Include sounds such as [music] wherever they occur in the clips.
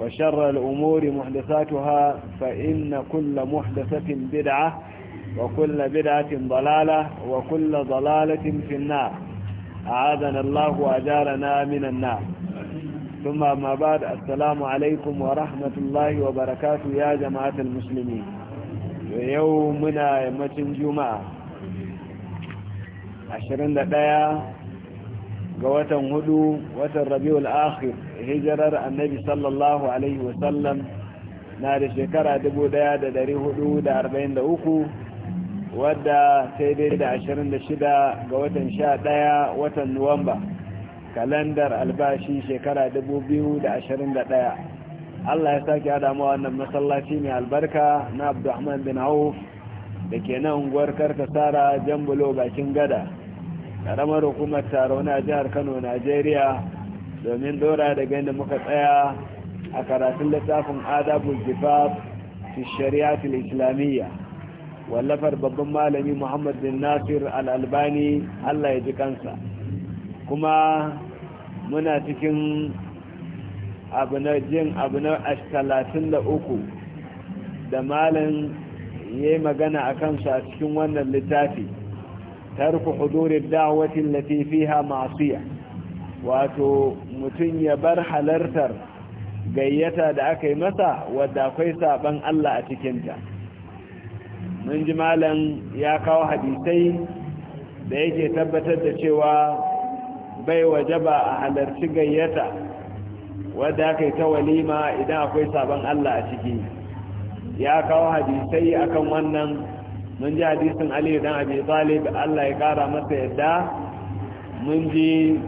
وشر الأمور محدثاتها فإن كل محدثة بدعة وكل بدعة ضلالة وكل ضلالة في النار أعاذنا الله وأجارنا من النار ثم ما بعد السلام عليكم ورحمة الله وبركاته يا جماعة المسلمين يومنا يمتن جمعة عشرين دقيقة ga watan hudu watan rabiul akhir hijirar annabi sallallahu alaihi wasallam na da shekara 1443 wadda sai dai da 26 ga watan 11 watan nuwamba kalandar albashi shekara 2021 Allah ya sake adamu wannan masallaci mai albarka na Abdulrahman bin Auf da ke nan unguwar Karkasara Jambulo bakin gada karamar hukumar taro na jihar kano najeriya domin dora da ganin muka tsaya a karatun littafin adabu jifaf fi shari'atul islamiyya wallafar babban malami muhammad bin nasir al-albani allah ya ji kansa kuma muna cikin abu na jin abu na da uku da malin ya yi magana a kansa cikin wannan littafi ترك حضور الدعوة التي فيها معصية واتو متن يبر حلرتر gayyata da aka yi masa wadda akwai saban Allah a cikinta mun ji malam ya kawo hadisai da yake tabbatar da cewa bai waje ba a halarci gayyata wadda aka yi ta walima idan akwai sabon Allah a ciki ya kawo hadisai akan wannan mun ji hadisin aliyu dan abi talib Allah ya kara masa yadda mun ji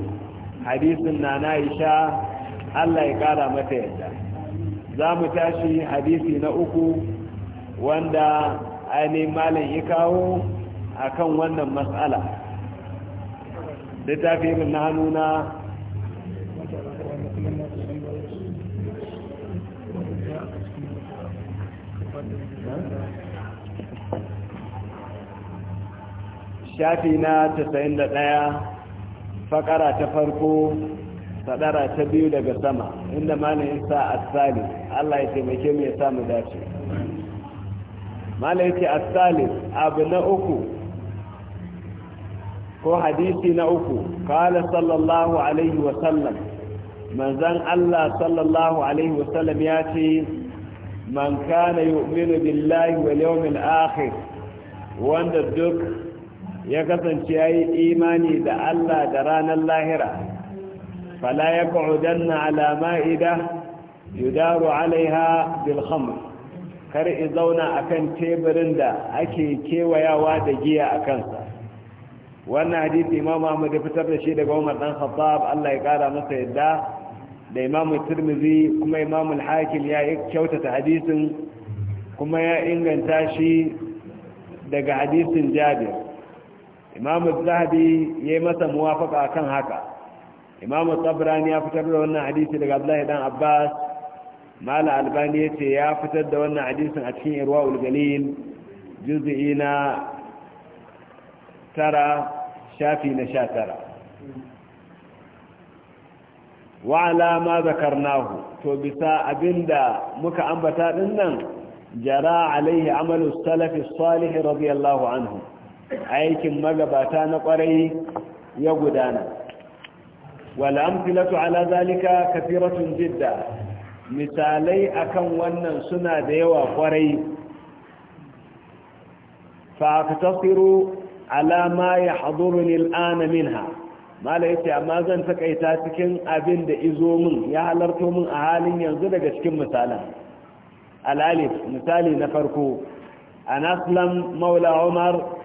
hadisin nana Aisha Allah ya kara mata yadda za mu tashi hadisi na uku wanda ainihin malin ya kawo a kan wannan matsala littafin na nuna. Thank shafi na 91 fakara ta farko sadara ta biyu daga sama inda malayin sa asali Allah ya taimake mu ya sa mu dace malayin ce asali abu na uku ko hadisi na uku kala sallallahu alaihi wasallam manzan Allah sallallahu alaihi wasallam ya ce man kana yu'minu billahi wal yawmil akhir wanda duk ya kasance ya yi imani da Allah da ranar lahira fala ya alama idan ma'ida yudaru alaiha bilham kar i zauna a kan teburin da ake kewayawa da giya a kansa wannan hadisi imamu Ahmad ya fitar da shi daga Umar dan Khattab Allah ya kara masa yadda da imamu Tirmidhi kuma imamu Al-Hakim ya kyautata hadisin kuma ya inganta shi daga hadisin Jabir imam zahabi ya yi masa muwafaka kan haka imam tsabrani ya fitar da wannan hadisi daga abdullahi dan abbas mala albani ya ce ya fitar da wannan hadisin a cikin irwa ulgalil juzi'i na tara shafi na sha tara wa'ala ma zakarnahu to bisa abinda muka ambata dinnan jara alaihi amalu salafi salihi radiyallahu anhu aikin magabata na kwarai ya gudana Wala wal'amfilatu ala zalika kafiratun jidda misalai akan wannan suna da yawa kwarai fa tasiru ala ma ya haduruni al'ana minha mala yace amma zan takaita cikin abin da izo min ya halarto min a halin yanzu daga cikin misalan al'alif misali na farko an aslam maula umar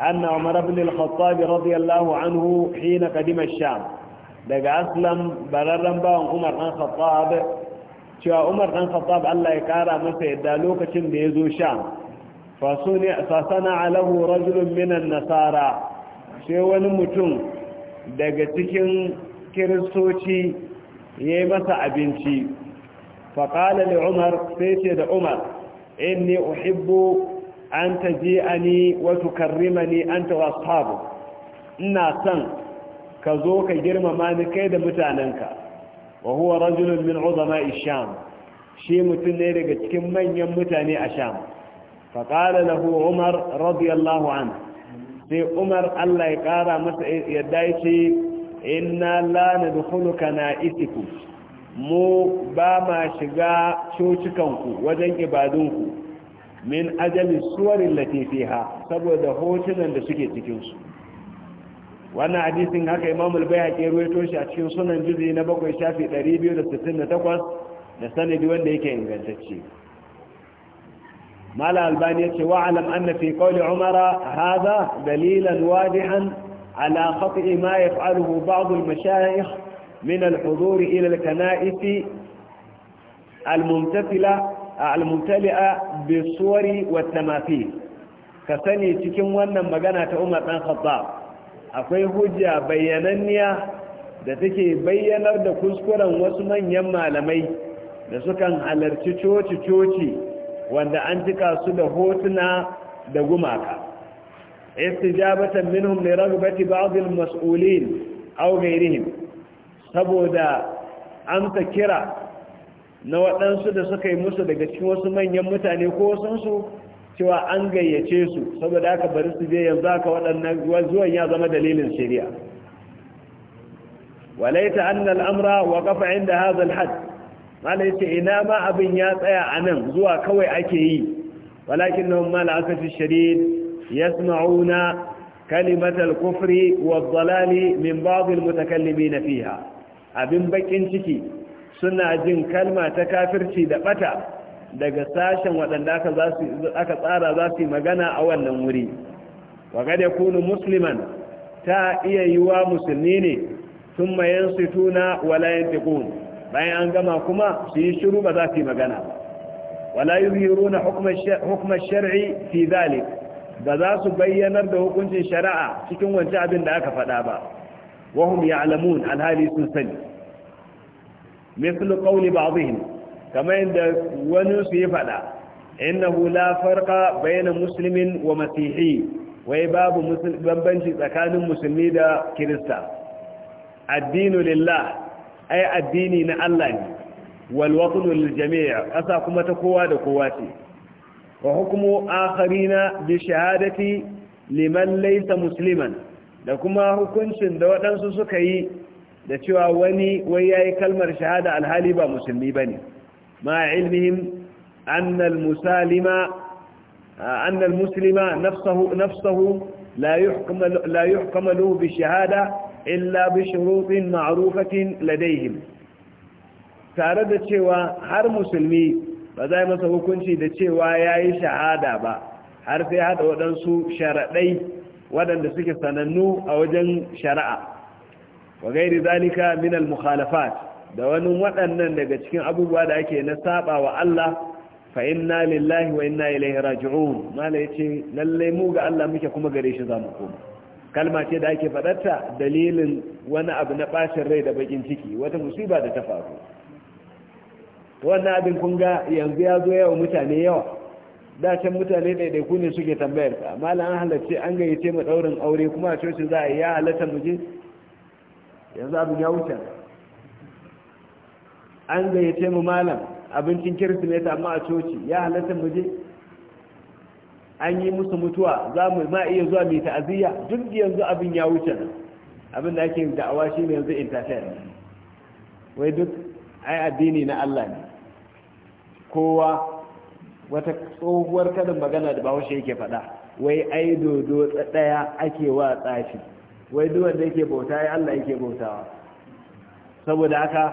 أن عمر بن الخطاب رضي الله عنه حين قدم الشام daga aslam bararren bawan umar ɗan khattab cewa umar ɗan khattab Allah ya kara masa yadda lokacin da ya zo sham fasana alahu rajulun minan nasara sai wani mutum daga cikin kiristoci ya masa abinci faƙala da umar sai ce da umar inni uhibbu an ta je ani wasu karrima ne an ta wasu ina son ka zo ka girmama ni kai da mutanenka wa huwa rajulun min uzama isham shi mutum ne daga cikin manyan mutane a sham faƙala lahu umar radiyallahu an sai umar allah ya ƙara masa yadda ya inna la na dukuluka isiku mu ba ma shiga cocikanku wajen ibadunku من أجل السور التي فيها سبوة دهوتنا لسكي تكيوسو وانا إن هكا إمام كيروي البيعك يرويتوش أتكيو صنع جزي نبقو يشافي تريبي ودستسنة تقوص نستاني دوان ديكين غزتشي مالا الباني يتشي وعلم أن في قول عمر هذا دليلا واضحا على خطئ ما يفعله بعض المشايخ من الحضور إلى الكنائس الممتثلة al-mubtali'a bi suwari wa tamathil ka sani cikin wannan magana ta Umar dan Khattab akwai hujja bayyananniya da take bayyanar da kuskuren wasu manyan malamai da sukan halarci coci-coci wanda an cika su da hotuna da gumaka istijabatan minhum li ragbati ba'd al-mas'ulin aw ghayrihim saboda amsa kira na waɗansu da suka yi musu daga cikin wasu manyan mutane ko wasansu cewa an gayyace su saboda aka bari su je yanzu aka waɗannan zuwan ya zama dalilin shari'a walaita an amra wa kafa inda hazal had mala ina ma abin ya tsaya a nan zuwa kawai ake yi walakin nan mala aka fi sharid yasma'una kalimatal kufri wa dhalali min ba'd al na fiha abin bakin ciki suna jin kalma ta kafirci da bata daga sashen waɗanda aka tsara za su yi magana a wannan wuri waga da kunu musliman ta iya yi wa musulmi ne sun mayan situna walayen tekun bayan an gama kuma su yi shiru ba za su yi magana ba wala na hukumar shar'i fi zalik ba za su bayyanar da hukuncin shari'a cikin wancan abin da aka faɗa ba wahum ya ya'lamun alhali sun sani mislu qawli ba'dihim kamar yadda wani su ya faɗa. Inna la farqa bayna muslimin wa masihi wai babu bambanci tsakanin musulmi da kirista addinu lillah ai addini na Allah ne wal waqnu lil jami' asa kuma ta kowa da kowa ce wa hukmu akharina bi shahadati liman laysa musliman da kuma hukuncin da waɗansu suka yi da cewa wani wai yayi kalmar shahada alhali ba musulmi bane ma ilmihim anna almusalima anna nafsuhu nafsuhu la yuhkam la yuhkam lahu bi shahada illa bi shurutin ma'rufatin ladayhim tare da cewa har musulmi ba za masa hukunci da cewa yayi shahada ba har sai hada waɗansu sharaɗai waɗanda suke sanannu a wajen shari'a wa gairi zalika min al-mukhalafat da wani waɗannan daga cikin abubuwa da ake na saba wa Allah fa inna lillahi wa inna ilaihi raji'un mala yace lalle mu ga Allah muke kuma gare shi zamu koma kalma ce da ake fadarta dalilin wani abu na bacin rai da bakin ciki wata musiba da ta faru wannan abin kun ga yanzu ya zo yawa mutane yawa da can mutane ɗaiɗaiku ne suke tambayar ka malam an halarci an gayyace mu ɗaurin aure kuma a coci za a yi ya halatta mu yanzu abin ya wuce an gayyace mu malam abincin kirsimeti amma a coci ya halatta mu je an yi musu mutuwa za mu ma iya zuwa mai ta'aziyya duk da yanzu abin ya wuce abin da ake da'awa shi ne yanzu intafiyar wai duk ai addini na Allah ne kowa wata tsohuwar karin magana da bahaushe yake faɗa wai ai dodo ɗaya ake wa tsafi wai duk wanda yake bauta ya Allah yake bautawa saboda haka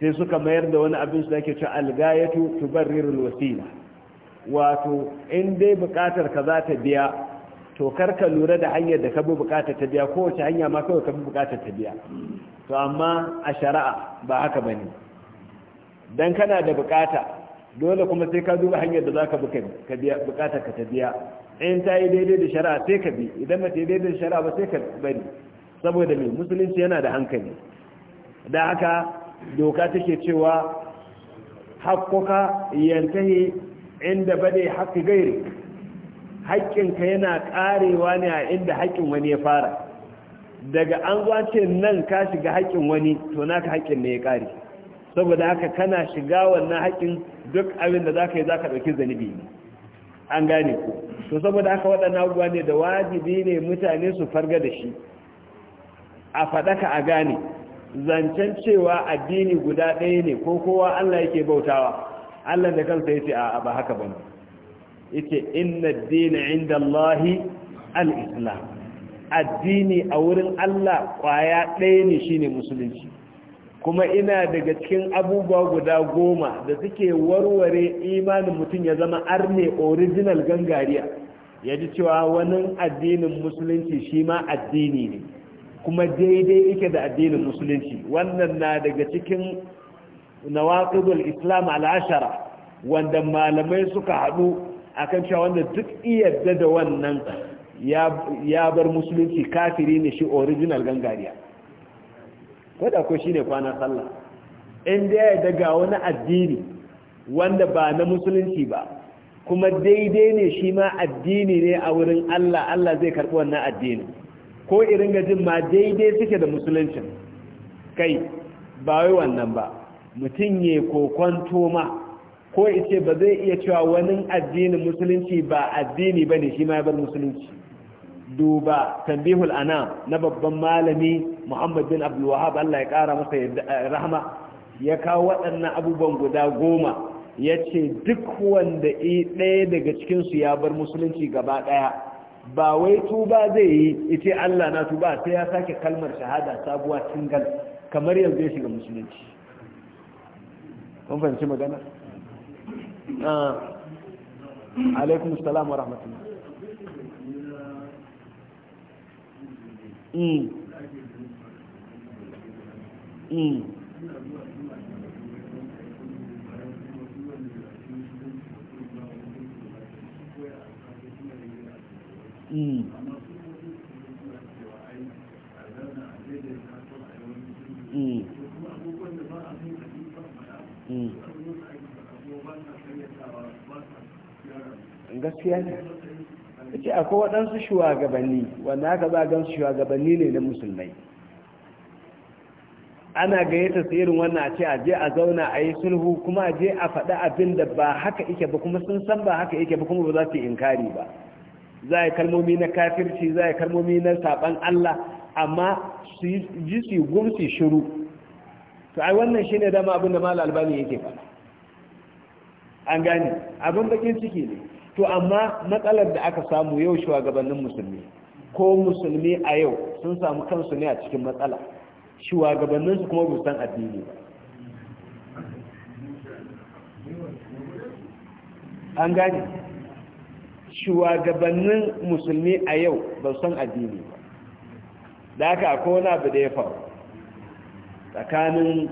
sai suka mayar da wani abin su da ake cewa algayatu tubarrirul wasila wato in dai bukatar ka za ta biya to karka lura da hanyar da ka bi bukatar ta biya kowace hanya ma kawai ka bi bukatar ta biya to amma a shari'a ba haka ba ne. dan kana da bukata dole kuma sai ka duba hanyar da zaka ka biya bukatar ka ta biya in ta yi daidai da shari'a sai ka bi idan ba ta yi daidai da shari'a ba sai ka bari saboda mai musulunci yana da hankali da haka doka take cewa haƙƙoƙa yantahi inda bade haƙƙi gairi haƙƙinka yana ƙarewa ne a inda haƙƙin wani ya fara daga an zuwace nan ka shiga haƙƙin wani to naka haƙƙin ne ya kare saboda haka kana shiga wannan haƙƙin duk abin da za ka yi za ka ɗauki zanibi an gane ku to saboda haka waɗannan abubuwa ne da wajibi ne mutane su farga da shi a faɗaka a gane zancen cewa addini guda ɗaya ne ko kowa Allah yake bautawa Allah da kansa ce a ba haka bane yace inna ad 'inda Allah al-islam addini a wurin Allah ƙwaya ɗaya ne shine musulunci kuma ina daga cikin abubuwa guda goma da suke warware imanin mutum ya zama arne original gangariya ya ji cewa wani addinin musulunci shi ma addini ne kuma daidai ike da addinin musulunci wannan na daga cikin nawaqidul islam al'ashara wanda malamai suka haɗu akan cewa wanda duk iya da wannan ya bar musulunci kafiri ne shi original gangariya ko da ko shine kwana sallah in da ya daga wani addini wanda ba na musulunci ba kuma daidai ne shi ma addini ne a wurin Allah Allah zai karɓi wannan addini ko irin gajin ma daidai suke da musuluncin kai ba wai wannan ba mutum ya kokonto ma ko ice ba zai iya cewa wani addinin musulunci ba addini ba ne shi ma bar musulunci duba tambihul ana na babban malami muhammad bin abdul wahab allah ya kara masa eh, rahma, ya kawo waɗannan abubuwan guda goma ya ce duk wanda ɗaya daga cikinsu ya bar musulunci gaba ɗaya ba wai tuba zai yi ita allah na tuba sai ya sake kalmar shahada sabuwa tingal kamar yanzu ya shiga musulunci kun Mm. Mm. Mm. gaskiya ne akwai waɗansu shugabanni wanda aka ba gan shugabanni ne na musulmai ana gayyata su irin wannan a ce a je a zauna a yi sulhu kuma a je a faɗi abin da ba haka yake ba kuma sun san ba haka yake ba kuma ba za su inkari ba za a yi kalmomi na kafirci za a yi kalmomi na saɓan Allah amma su ji su gumsi shiru to ai wannan shine dama abin da mal albani yake faɗa an gane abin bakin ciki ne to amma matsalar da aka samu yau shugabannin musulmi ko musulmi a yau sun samu kansu ne a cikin matsala shugabannin su kuma addini ba an gani shugabannin musulmi a yau ba san addini ba da aka akwai wani abu da ya faru tsakanin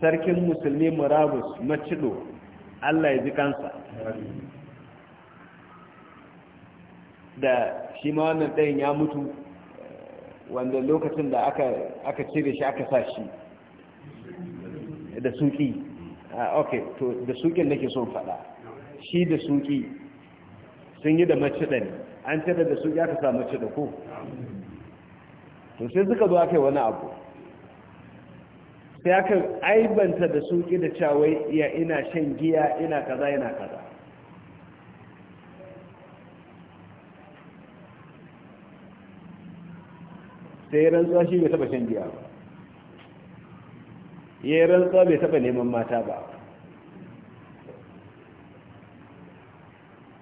sarkin musulmi murabus macido allah ya ji kansa da shi ma wannan ɗayan ya mutu wanda lokacin da aka cire shi aka sa shi da suki ah, ok to da sukin nake son fada shi da suki sun yi da macida ne an cire da suki aka sa macida ko to sai suka zo aka yi wani abu sai aka aibanta da suki da cawai iya ina shan giya ina kaza ina kaza sai rantsuwa shi bai taba shan giya ba ya rantsuwa bai taba neman mata ba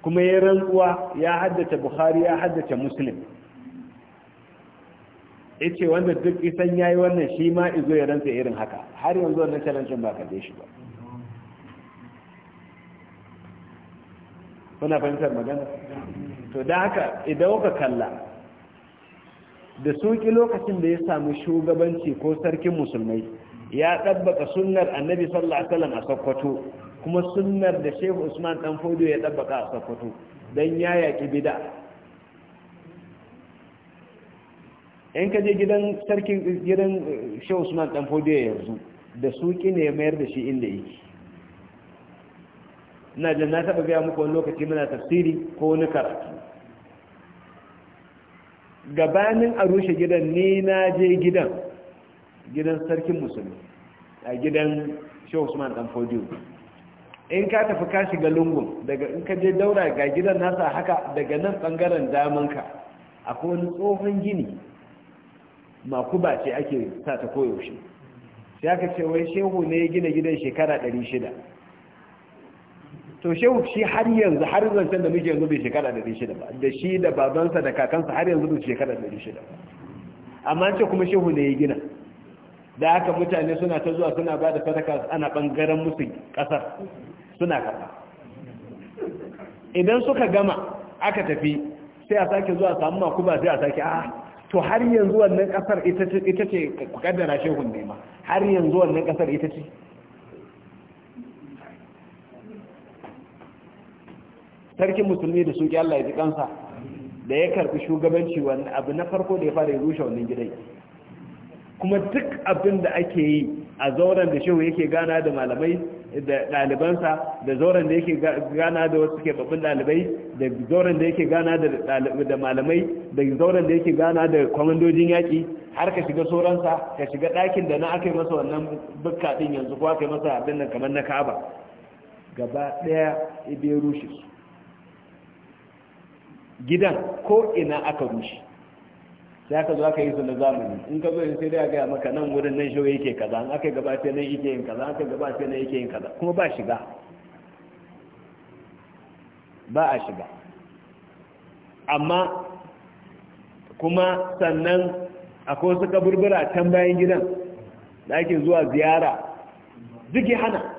kuma ya rantsuwa ya haddace bukhari ya haddace muslim ya ce wanda duk isan ya yi wannan shi ma izo ya rantsa irin haka har yanzu wannan challenge ba ka shi ba kuna fahimtar magana to da haka idan kuka kalla da soki lokacin da ya samu shugabanci ko sarkin musulmai ya ɗabbaka sunnar annabi sallallahu alaihi wasallam a sakkwato kuma sunnar da shehu usman dan fodo ya ɗabbaka a sakkwato don ya yaƙi bida in ka je gidan sarkin gidan eh, shehu usman dan fodo yanzu da soki ne ya mayar da shi inda yake ina jin na taɓa gaya muku wani lokaci muna tafsiri ko wani karatu gabanin a rushe gidan ne na je gidan gidan sarkin musulmi a gidan shehu usman dan fodiyo in ka tafi ka shiga lungun daga in ka je daura ga gidan nasa haka daga nan bangaren damanka akwai wani tsohon gini makuba ce ake sa ta koyaushe sai aka ce wai shehu ne ya gina gidan shekara 600 to shehu shi har yanzu har zancen da muke yanzu bai shekara da shida ba da shi da babansa da kakansa har yanzu bai shekara da shida ba amma ce kuma shehu ne ya gina da haka mutane suna ta zuwa suna ba da sadaka ana bangaren musu kasar suna karba idan suka gama aka tafi sai a sake zuwa samu makuba sai a sake a to har yanzu wannan kasar ita ce kaddara shehun ne ma har yanzu wannan kasar ita ce sarkin musulmi da suke Allah ya ji kansa da ya karbi shugabanci wani abu na farko da ya fara rushe wannan gidan. kuma duk abin da ake yi a zauren da shehu yake gana da malamai da ɗalibansa da zauren da yake gana da wasu ke babban ɗalibai da zauren da yake gana da malamai da zauren da yake gana da kwamandojin yaƙi har ka shiga sauransa ka shiga ɗakin da na aka yi masa wannan bukka ɗin yanzu ko aka yi masa abin nan kamar na kaba gaba ɗaya ibe rushe su gidan ko ina aka rushe sai aka zo aka yi su na zamani in ka zo sai dai a gaya maka nan wurin nan shawai yake kaza an aka gaba sai nan yake yin kaza aka gaba sai nan yake yin kaza kuma ba shiga ba a shiga amma kuma sannan akwai wasu kaburbura can bayan gidan da ake zuwa ziyara duk hana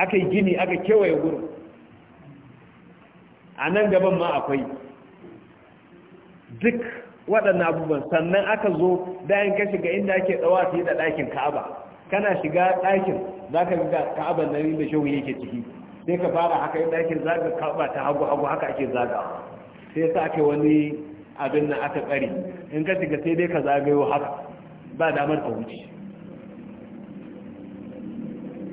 aka yi gini aka kewaye gurin a nan gaban ma akwai duk waɗannan abubuwan sannan aka zo dayan ka shiga inda ake tsawa su yi da ɗakin ka'aba kana shiga ɗakin za ka ga ka'aban nan inda shehu yake ciki sai ka fara haka yi ɗakin zaga ka'aba ta hagu hagu haka ake zaga sai sa ake wani abin nan aka tsari in ka shiga sai dai ka zagayo haka ba damar ka wuce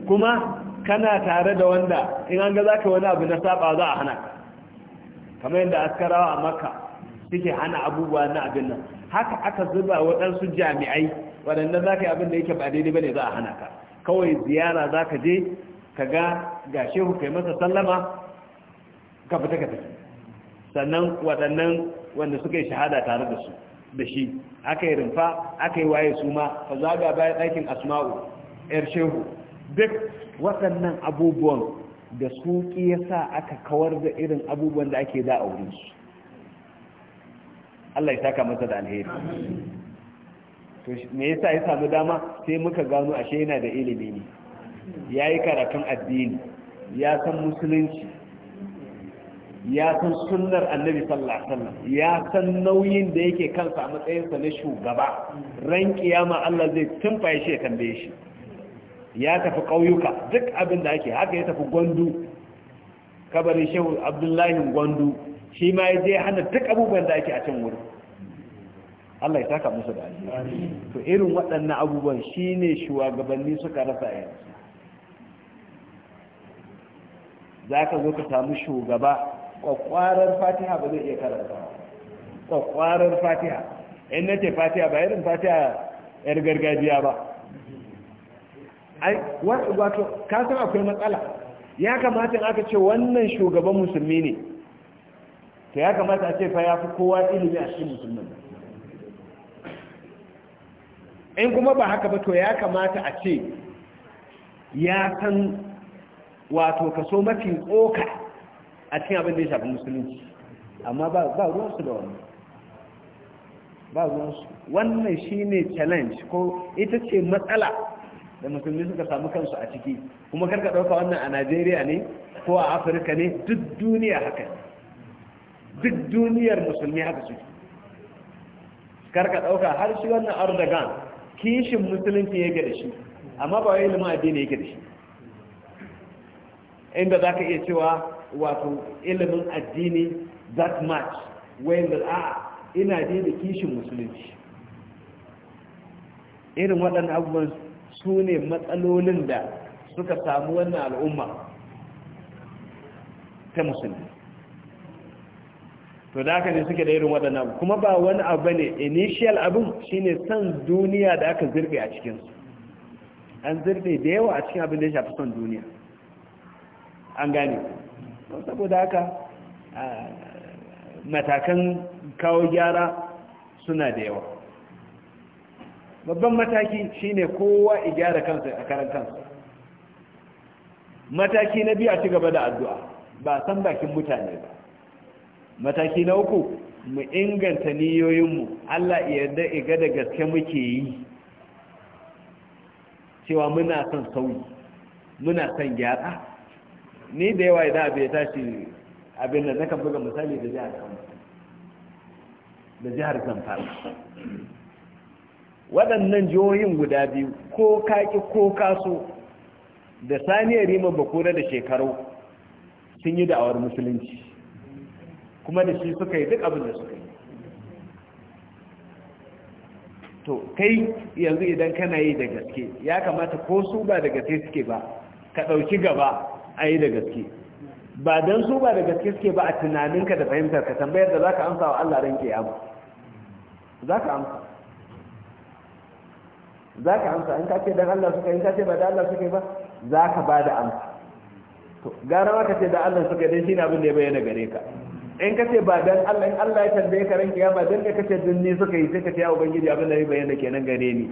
kuma kana tare da wanda in an ga zaka wani abu na saba za a hana ka kamar yadda askarawa a makka suke hana abubuwa na abin nan haka aka zuba waɗansu jami'ai waɗanda za ka yi abin da yake ba daidai ba ne za a hana ka kawai ziyara za ka je ka ga ga shehu kai masa sallama ka fita ka tafi sannan waɗannan wanda suka yi shahada tare da su da shi aka yi rumfa aka yi waye su ma ka zaga bayan ɗakin asma'u yar shehu duk waɗannan abubuwan da suƙi ya sa aka kawar da irin abubuwan da ake da wurin su Allah ya taka masa da alheri to me yasa ya samu dama sai muka gano ashe yana da ilimi ne Ya yayi karatun addini ya san musulunci ya san sunnar annabi sallallahu alaihi ya san nauyin da yake kansa a matsayinsa na shugaba ran kiyama Allah zai tumfaye shi ya tambaye shi ya tafi ƙauyuka duk abin da ake haka ya tafi gwandu kabarin shehu abdullahi gwandu shi ma ya je hana duk abubuwan da ake a can wurin Allah ya saka musu da alheri to irin waɗannan abubuwan shine shugabanni suka rasa yanzu za ka zo ka samu shugaba ƙwaƙwarar fatiha ba zai iya karanta ƙwaƙwarar fatiha in nace fatiha ba irin fatiha yar gargajiya ba wato kasan akwai matsala ya kamata in aka ce wannan shugaban musulmi ne ta ya kamata a ce fa ya fi kowa ilimi a cikin musulmin in kuma ba haka ba to ya kamata a ce ya san wato kaso mafi tsoka a cikin abin da ya shafi musulunci amma ba ruwansu da wani ba ruwansu wannan shi ne challenge ko ita ce matsala da musulmi suka samu kansu a ciki kuma karka ɗauka wannan a najeriya ne ko a afirka ne duk duniya haka duk duniyar musulmi haka suke karka ɗauka har shi wannan ardagan kishin musulunci yake da shi amma ba wai ilimin addini yake da shi inda za ka iya cewa wato ilimin addini that much wayan da a ina da kishin musulunci irin waɗannan abubuwan su ne matsalolin da suka samu wannan al'umma ta musulmi to da aka ne suke da irin waɗannan kuma ba wani abu ne initial abin shine san duniya da aka zirbe a cikinsu an zirbe da yawa a cikin abin da ya shafi son duniya an gane saboda haka matakan kawo gyara suna da yawa babban mataki shine kowa i gyara kansa a karan kansa mataki na biyu a ci gaba da addu'a ba san bakin mutane ba mataki na uku mu inganta niyoyinmu Allah yarda iga da gaske muke yi cewa muna son sauyi muna son gyara ni da yawa idan abu ya tashi abin da na buga misali da jihar da jihar zamfara waɗannan jihohin guda biyu ko kaƙi ko kaso da saniyar riman bakura da shekaru sun yi da'awar musulunci kuma da shi suka yi duk abin da suka yi to kai yanzu idan kana yi da gaske ya kamata ko su ba da gaske suke ba ka ɗauki gaba a yi da gaske ba don su ba da gaske suke ba a tunaninka da fahimtar ka tambayar da za ka amsa wa Allah ranke yamu za ka amsa za ka amsa in ka ce dan Allah suka in ka ce ba da Allah suka ba za ka ba da amsa to gara ka ce da Allah suka shi shine abin da ya bayyana gare ka in ka ce ba dan Allah in Allah ya tambaye ka ran kiyama dan ka ce dan ni suka yi sai ka ce ya ubangiji abin da ya bayyana kenan gare ni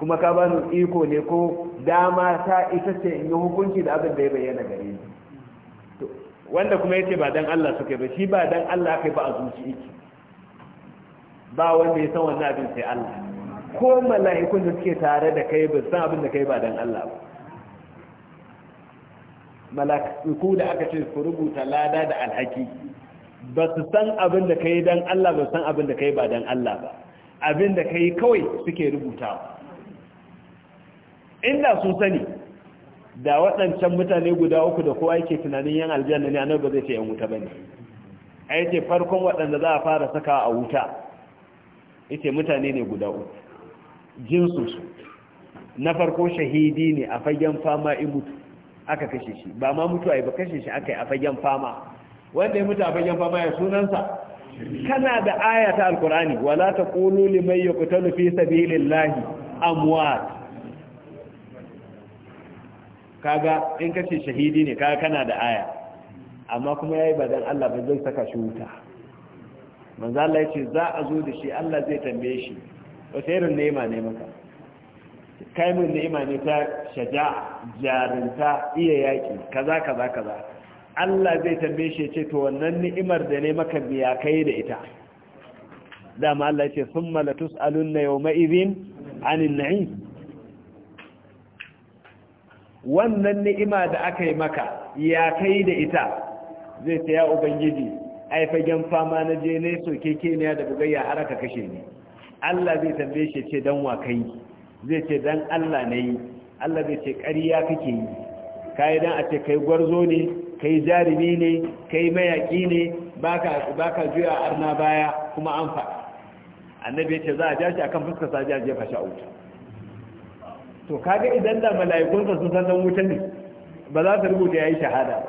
kuma ka ba iko ne ko dama ta ita ce in yi hukunci da abin da ya bayyana gare ni to wanda kuma yace ba dan Allah suka ba shi ba dan Allah kai ba a zuci ba wanda ya san wannan abin sai Allah ko mala'ikun da suke tare da kai ba san abin da kai ba dan Allah ba mala'iku da aka ce su rubuta lada da alhaki ba su san abin da kai dan Allah ba san abin da kai ba dan Allah ba abin da kai kawai suke rubutawa inda sun sani da waɗancan mutane guda uku da kowa yake tunanin yan aljanna ne annabi ba zai ce yan wuta bane ai ce farkon waɗanda za a fara saka a wuta yace mutane ne guda uku su na farko shahidi ne a fagen fama in mutu aka kashe shi ba ma mutu yi ba kashe shi aka yi a fagen fama wanda ya mutu a fagen fama ya sunansa kana da aya ta alkur'ani wala ya kuta yuqtalu fi sabilillahi amwat kaga in kashe shahidi ne kaga kana da aya amma kuma ya yi ba dan Allah ba zai saka shi wuta manzala Allah yace za a zo da shi Allah zai tambaye shi wata irin ni'ima ne maka kai mun ni'ima ne ta shaja jarinta iya yaƙi kaza kaza kaza Allah zai tambaye shi ce to wannan ni'imar da ne maka biya kai da ita dama Allah ya ce summa latus'alunna yawma idhin 'anil na'im wannan ni'ima da aka yi maka ya kai da ita zai ta ya ubangiji ai fagen fama na je ne soke keniya da bugayya har aka kashe ni Allah zai tambaye shi ce dan wa kai zai ce dan Allah na yi Allah zai ce ƙarya kake yi kai dan a ce kai gwarzo ne kai jarumi ne kai mayaki ne baka baka juya arna baya kuma an fa annabi ya ce za a ja shi akan fuskar sa ja jefa shi a wuta to kaga idan da sa sun san dan wuta ne ba za su rubuta yayi shahada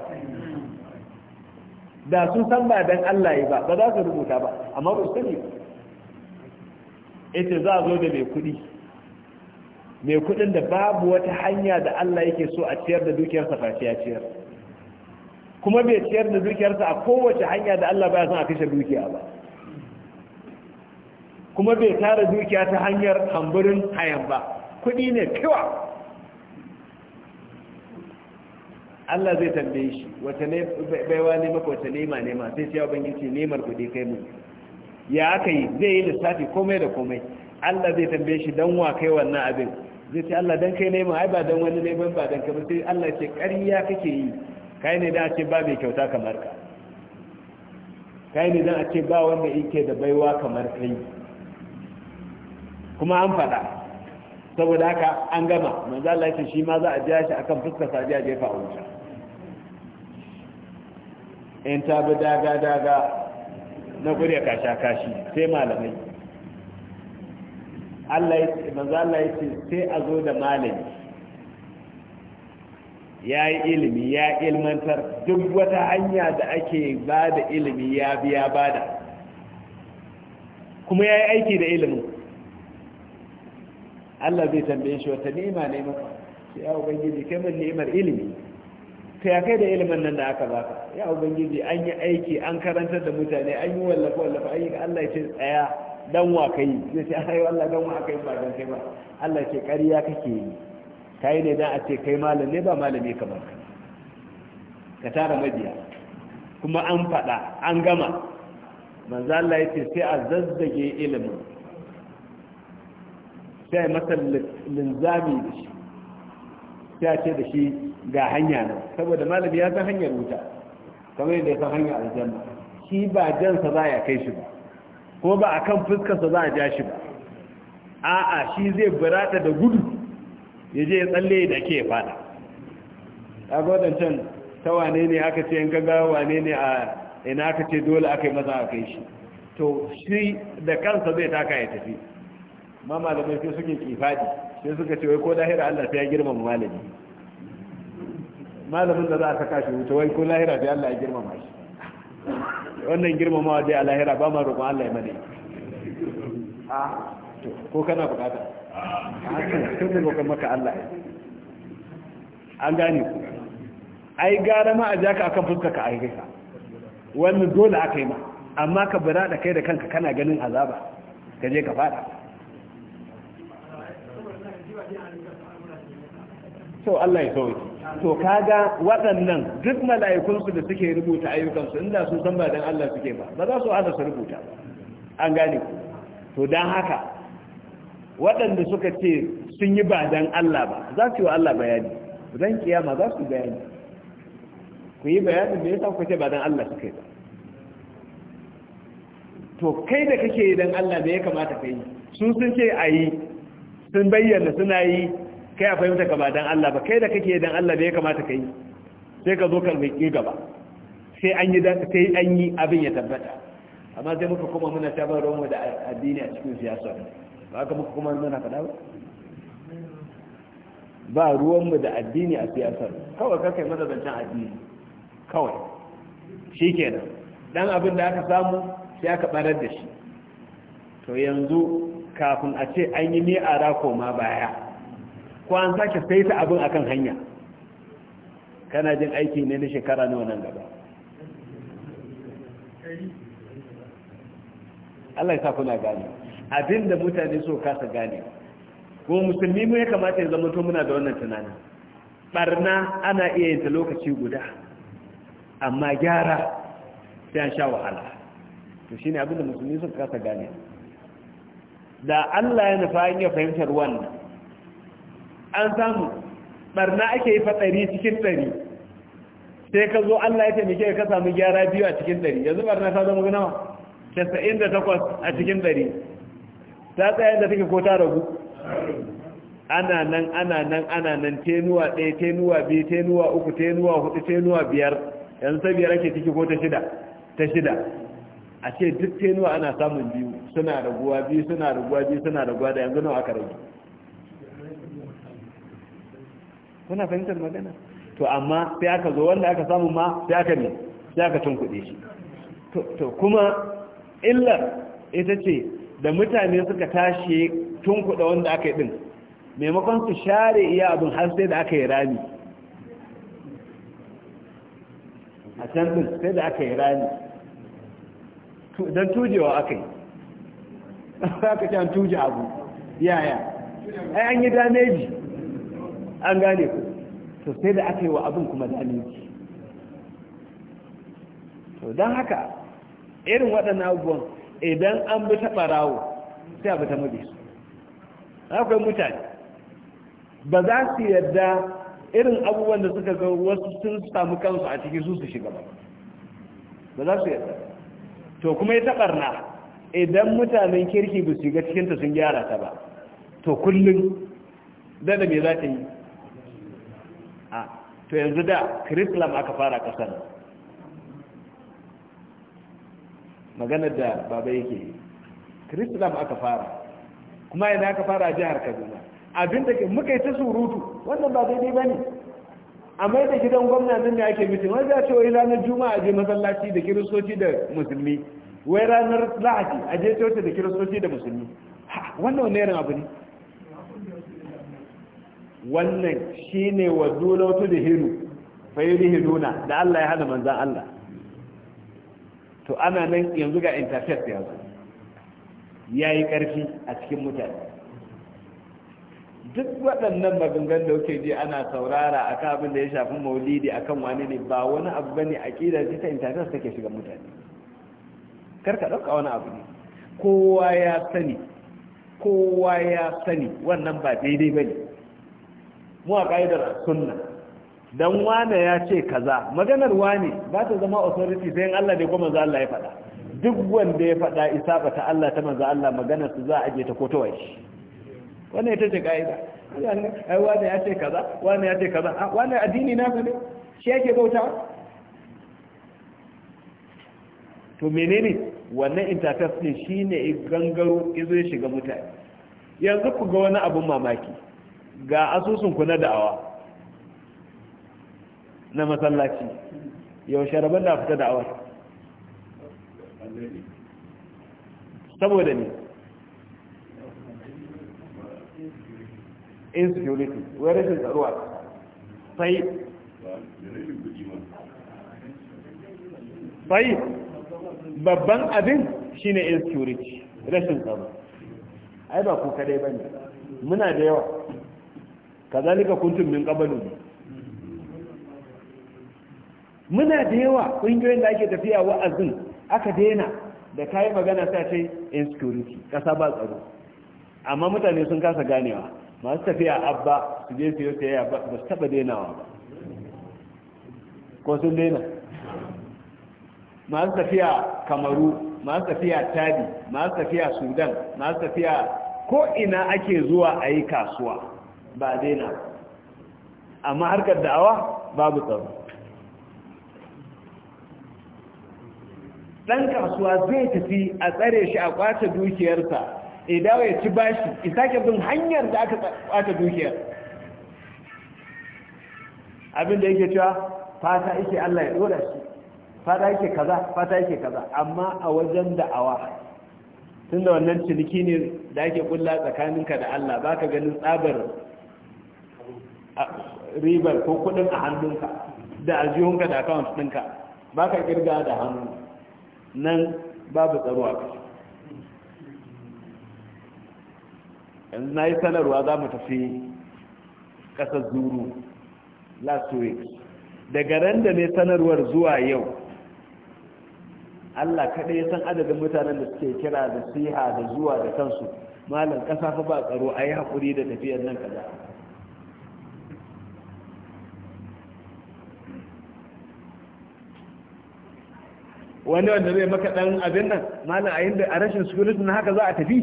da sun san ba dan Allah yi ba ba za su rubuta ba amma ba su sani ba ita za a zo da mai kuɗi mai kuɗin da babu wata hanya da Allah yake so a ciyar da dukiyarsa ba ya ciyar kuma bai ciyar da dukiyarsa a kowace hanya da Allah baya son a kashe dukiya ba kuma bai tara dukiya ta hanyar hamburin hayan ba kuɗi ne kiwa Allah zai tambaye shi wata baiwa ne maka wata nema nema sai sai ubangiji nemar kuɗi kai mu ya aka yi zai yi lissafi komai da komai Allah zai tambaye shi dan wa kai wannan abin zai ce Allah dan kai ne mu ai ba dan wani ne ban ba dan ka sai Allah ya ce ƙarya kake yi kai ne a ce ba mai kyauta kamar ka kai ne dan a ce ba wanda yake da baiwa kamar kai kuma an faɗa saboda haka an gama manzo Allah ya ce shi ma za a jiya shi akan fuskar Sadiya jefa a wuta in ta bi daga daga na gure kasha kashi sai malamai Allah ya ce Allah ya ce sai a zo da malami ya yi ilimi ya ilmantar duk wata hanya da ake ba da ilimi ya biya bada kuma ya yi aiki da ilimin Allah zai tambaye shi wata nema ne maka sai ya ubangiji kai mun ni'imar ilimi ta ya kai da ilimin nan da aka baka ya ubangiji an yi aiki an karantar da mutane an yi wallafa wallafa an yi Allah ya ce tsaya dan wa kai zai ce ai wallahi dan wa kai ba dan kai ba Allah ce ƙarya kake yi kai ne dan a ce kai malami ne ba malami ka ba ka tara mabiya kuma an faɗa an gama manzo Allah ya ce sai a zazzage ilimin sai masa linzami da shi ya ce da shi ga hanya nan saboda malami ya san hanyar wuta kamar yadda ya san hanyar aljanna shi ba jansa za ya kai shi ba ko ba a kan fuskarsa za a ja shi ba a'a shi zai burata da gudu ya je ya tsalle da ke ya fada a godancan ta wane ne aka ce yanka gawa wane ne a ina aka ce dole aka yi maza a kai shi to shi da kansa zai taka ya tafi ma malamai sai suke kifadi sai suka ce wai ko lahira Allah ya girma malami malamin da za a saka shi wuce wai ko lahira sai Allah ya girma shi wannan girmamawa dai a lahira ba ma roƙon Allah ya mane ko kana bukata tun da roƙon maka Allah ya an gane ku ai gara ma a ja ka akan fuska ka ka wannan dole aka yi ma amma ka bura da kai da kanka kana ganin azaba ka je ka fada to Allah ya sauki to kaga waɗannan duk mala'ikunsu da suke rubuta ayyukansu inda sun san ba dan Allah suke ba ba za su hana su rubuta an gane ku to dan haka waɗanda suka ce sun yi ba dan Allah ba za su yi wa Allah bayani zan kiyama za su bayani ku yi bayanin da ya sa ku ce ba dan Allah suka yi ba to kai da kake yi dan Allah da ya kamata ka yi sun sun ce a yi sun bayyana suna yi kai a fahimta ka ba don Allah ba kai da kake don Allah bai kamata ka yi sai ka zo karfi gaba sai an yi abin ya tabbata amma sai muka kuma muna ta bar da addini a cikin siyasa ba haka muka kuma muna fada ba ba ruwanmu da addini a siyasar kawai kakai mazabancin addini kawai shi kenan dan abin da aka samu sai aka barar da shi to yanzu kafin a ce an yi ni a rako ma baya ko an sake saita abin akan hanya kana jin aiki ne na shekara nawa nan gaba Allah ya sa kuna gane abin da mutane so kasa gane ko musulmi mu ya kamata ya zama to muna da wannan tunanin barna ana iya yin ta lokaci guda amma gyara sai an sha wahala to shine abin da musulmi suka kasa gane da Allah ya nufa in ya fahimtar wannan an samu barna ake yi fatsari cikin ɗari sai ka zo Allah ya taimake ka samu gyara biyu a cikin ɗari yanzu barna ta zama nawa wa da takwas a cikin ɗari ta tsaye da take ko ta ragu ana nan ana nan ana nan tenuwa ɗaya tenuwa biyu tenuwa uku tenuwa hudu tenuwa biyar yanzu ta biyar ake ciki ko ta shida ta shida a ce duk tenuwa ana samun biyu suna raguwa biyu suna raguwa biyu suna raguwa da yanzu nawa aka rage kuna fahimtar magana to amma sai aka zo wanda aka samu ma sai aka ne sai aka tunkuɗe shi to kuma illar ita ce da mutane suka tashi tunkuɗa wanda aka yi ɗin maimakon su share iya abin har sai da aka yi rami a can ɗin sai da aka yi rami don tujewa aka yi aka can tuje abu yaya ai an yi dameji an gane ku to sai da aka yi wa abin kuma zalunci to don haka irin waɗannan abubuwan idan an bi taɓa rawo sai bi ta mabi su akwai mutane ba za su yadda irin abubuwan da suka ga wasu sun samu kansu a ciki su su shiga ba ba za su yadda to kuma ya taɓarna idan mutanen kirki ba su shiga cikinta sun gyara ta ba to kullum dada me za ta yi to yanzu da curriculum aka fara kasar maganar da baba yake curriculum aka fara kuma yana aka fara a jihar kaduna abin da muka yi ta surutu wannan ba daidai ba ne a mai da gidan gwamna nan ne ake mutum. wani za ce wai ranar juma'a je masallaci da kiristoci da musulmi wai ranar lahadi a je coci da kiristoci da musulmi wannan wani yaran abu ne wannan shine wa dulautu da hiru fayyuri hiruna da Allah ya hana manzan Allah to ana nan yanzu ga intercept ya zo ya yi ƙarfi a cikin mutane duk waɗannan maganganun da kuke ji ana saurara a kan abin da ya shafi maulidi akan kan wani ne ba wani abu ba ne a ƙidar ta intercept take shiga mutane karka ɗauka wani abu ne kowa ya sani kowa ya sani wannan ba daidai ba ne mu a ƙa'idar sunna don wane ya ce kaza maganar wane ba ta zama authority sai yin Allah ne ko manzo Allah ya faɗa duk wanda ya faɗa ba ta Allah ta maza Allah maganar su za a aje ta ko ta waye ya ta ce ƙa'ida wane ya ce kaza wane ya ce kaza wane addini na ne shi yake bautawa to menene wannan interface shine gangaro izo ya shiga mutane yanzu ku ga wani abun mamaki ga asusunku na da'awa na masallaci yau sharaban da fita da'awar saboda ne insecurity wani rashin tsaruwa sai sai babban abin shine insecurity rashin tsaro ai ba ku kadai ne. muna da yawa kazalika kuntum min qablu muna da yawa kungiyoyin da ake tafiya wa'azin aka daina da kayi magana sai ce insecurity kasa ba tsaro amma mutane sun kasa ganewa masu tafiya abba su je su yi ba su taba dainawa ba ko sun daina masu tafiya kamaru masu tafiya tadi masu tafiya sudan masu tafiya ko ina ake zuwa a yi kasuwa ba daina amma harkar da'awa babu tsaro ɗan kasuwa zai tafi a tsare shi a kwace dukiyarsa idawa ya ci bashi isake bin hanyar da aka kwace dukiyar abinda yake cewa fata yake Allah ya dora shi fata yake kaza fata yake kaza amma a wajen da'awa tunda wannan ciniki ne da ake kulla tsakaninka da Allah baka ganin tsabar ribar ko kudin a hannunka da aljihunka da account ɗinka ba ka kirga da hannu nan babu tsaro a ƙasa yanzu na yi sanarwa za mu tafi ƙasar zuru last week daga ran da ne sanarwar zuwa yau allah kaɗai ya san adadin mutanen da suke kira da siha da zuwa da kansu malam ƙasa fa ba tsaro a yi haƙuri da tafiyar nan kaza wani wanda zai maka dan abin nan malam a da a rashin security na haka za a tafi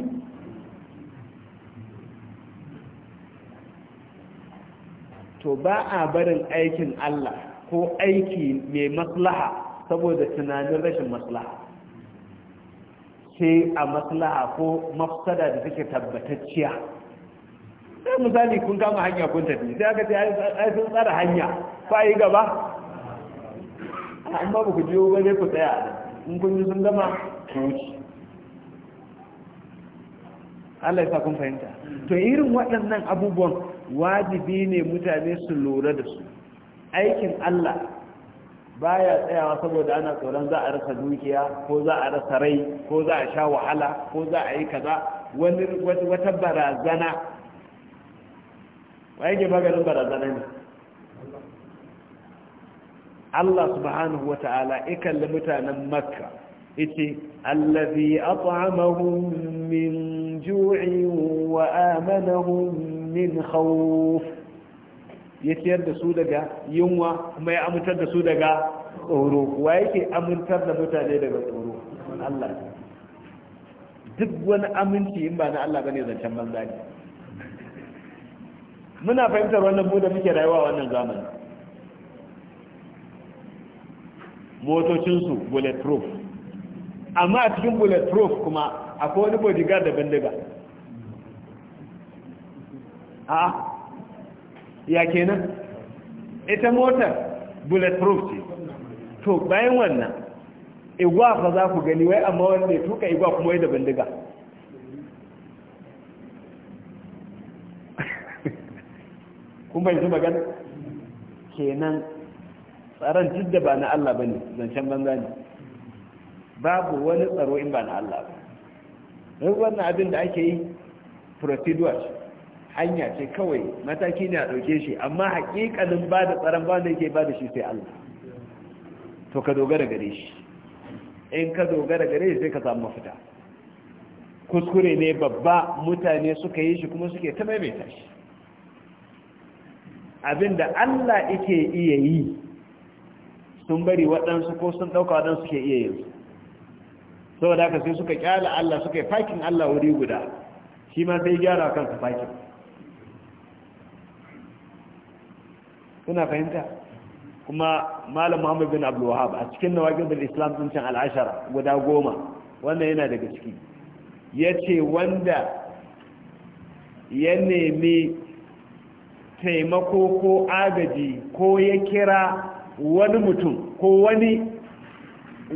to ba a barin aikin Allah ko aiki mai maslaha saboda tunanin rashin maslaha sai a maslaha ko mafsada da take tabbatacciya sai misali kun kama hanya kun tafi sai aka ce ai sun tsara hanya fa yi gaba amma ba ku jiyo ba ne ku tsaya a in kun yi sun gama wuce Allah ya sa kun fahimta to irin waɗannan abubuwan wajibi ne mutane su lura da su aikin Allah baya tsayawa saboda ana tsoron za a rasa dukiya ko za a rasa rai ko za a sha wahala ko za a yi kaza wani wata barazana wa yake maganin barazana ne Allah subhanahu wa ta’ala ya kalli mutanen makka ita allazi at'amahum min ju’i wa amanahum min khawf ya ciyar da su daga yunwa kuma ya amintar da su daga tsoro wa yake amintar da mutane daga tsoro Allah duk wani aminci in ba na Allah bane zancen banza muna fahimtar wannan mu da muke rayuwa wannan zamani motocinsu bulletproof amma a cikin bulletproof kuma akwai wani bodyguard da bindiga a ya kenan ita motar bulletproof ce to bayan wannan igwa fa za ku gani wai amma wanda ya tuka igwa kuma wai da bindiga [laughs] kuma yanzu magana kenan tsaron duk ba na Allah ba ne zancen banza ne babu wani tsaro in ba na Allah ba duk wannan abin da ake yi procedure hanya ce kawai mataki ne a ɗauke shi amma haƙiƙanin ba da tsaron ba da yake ba da shi sai Allah to ka dogara gare shi in ka dogara gare shi sai ka samu mafita kuskure ne babba mutane suka yi shi kuma suke ta maimaita shi Abin da Allah yake iya yi sun bari waɗansu ko sun ɗauka waɗansu ke iya yin saboda haka sai suka kyala Allah suka yi fakin Allah wuri guda shi ma sai gyara kansu fakin kuna fahimta kuma malam muhammad bin abdul wahab a cikin nawaqid al-islam sun can alashara guda goma wannan yana daga ciki ya ce wanda ya nemi taimako ko agaji ko ya kira wani mutum ko wani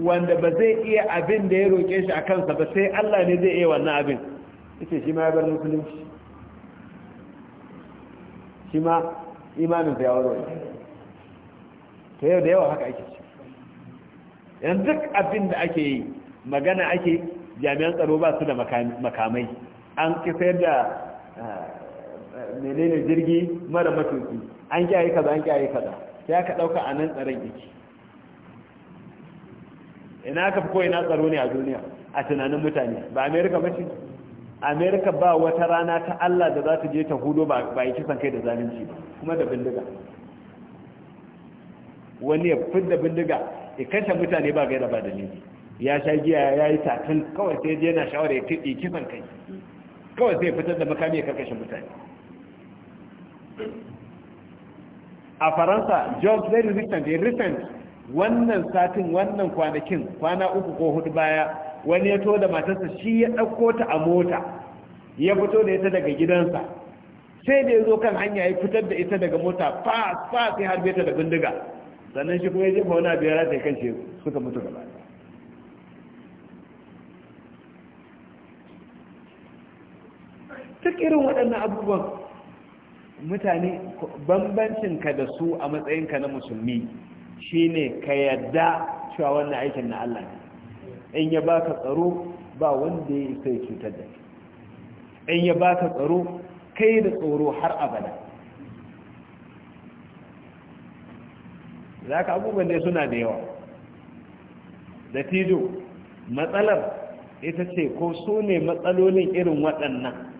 wanda ba zai iya abin da ya roƙe shi a kansa ba sai Allah ne zai iya wannan abin ita shi ma ya bar musulunci shi ma imanin da ya warware ta yau da yawa haka ake ci yanzu duk abin da ake yi magana ake jami'an tsaro ba su da makamai an kisar da eh, menene jirgi mara matuki an kyaye kaza an kyaye kaza sai aka ɗauka a nan tsaron yake ina aka fi ko ina tsaro ne a duniya a tunanin mutane ba amerika ba ce amerika ba wata rana ta allah da za ta je ta hudo ba yi kisan kai da zalunci ba kuma da bindiga wani ya fi da bindiga ya kashe mutane ba gaira ba da nini ya sha giya ya yi tatan kawai sai je yana shawara ya kifan kisan kai kawai sai fitar da makami ya kakashe mutane a faransa just very recent a recent wannan satin wannan kwanakin kwana uku ko hudu baya wani ya to da matarsa shi ya ɗauko ta a mota ya fito da ita daga gidansa sai da ya zo kan hanya ya fitar da ita daga mota fas fas ya harbe ta da bindiga sannan shi kuma ya jefa wani abu ya rata kan shi suka mutu gaba Tuk irin waɗannan abubuwan mutane ka da su a matsayinka na musulmi shine ka yadda cewa wannan aikin na Allah ne in ya baka tsaro ba wanda ya isa cutar da in ya baka tsaro kai da tsoro har abada za ka abubuwan ne suna da yawa da tido matsalar ita ce ko su ne matsalolin irin waɗannan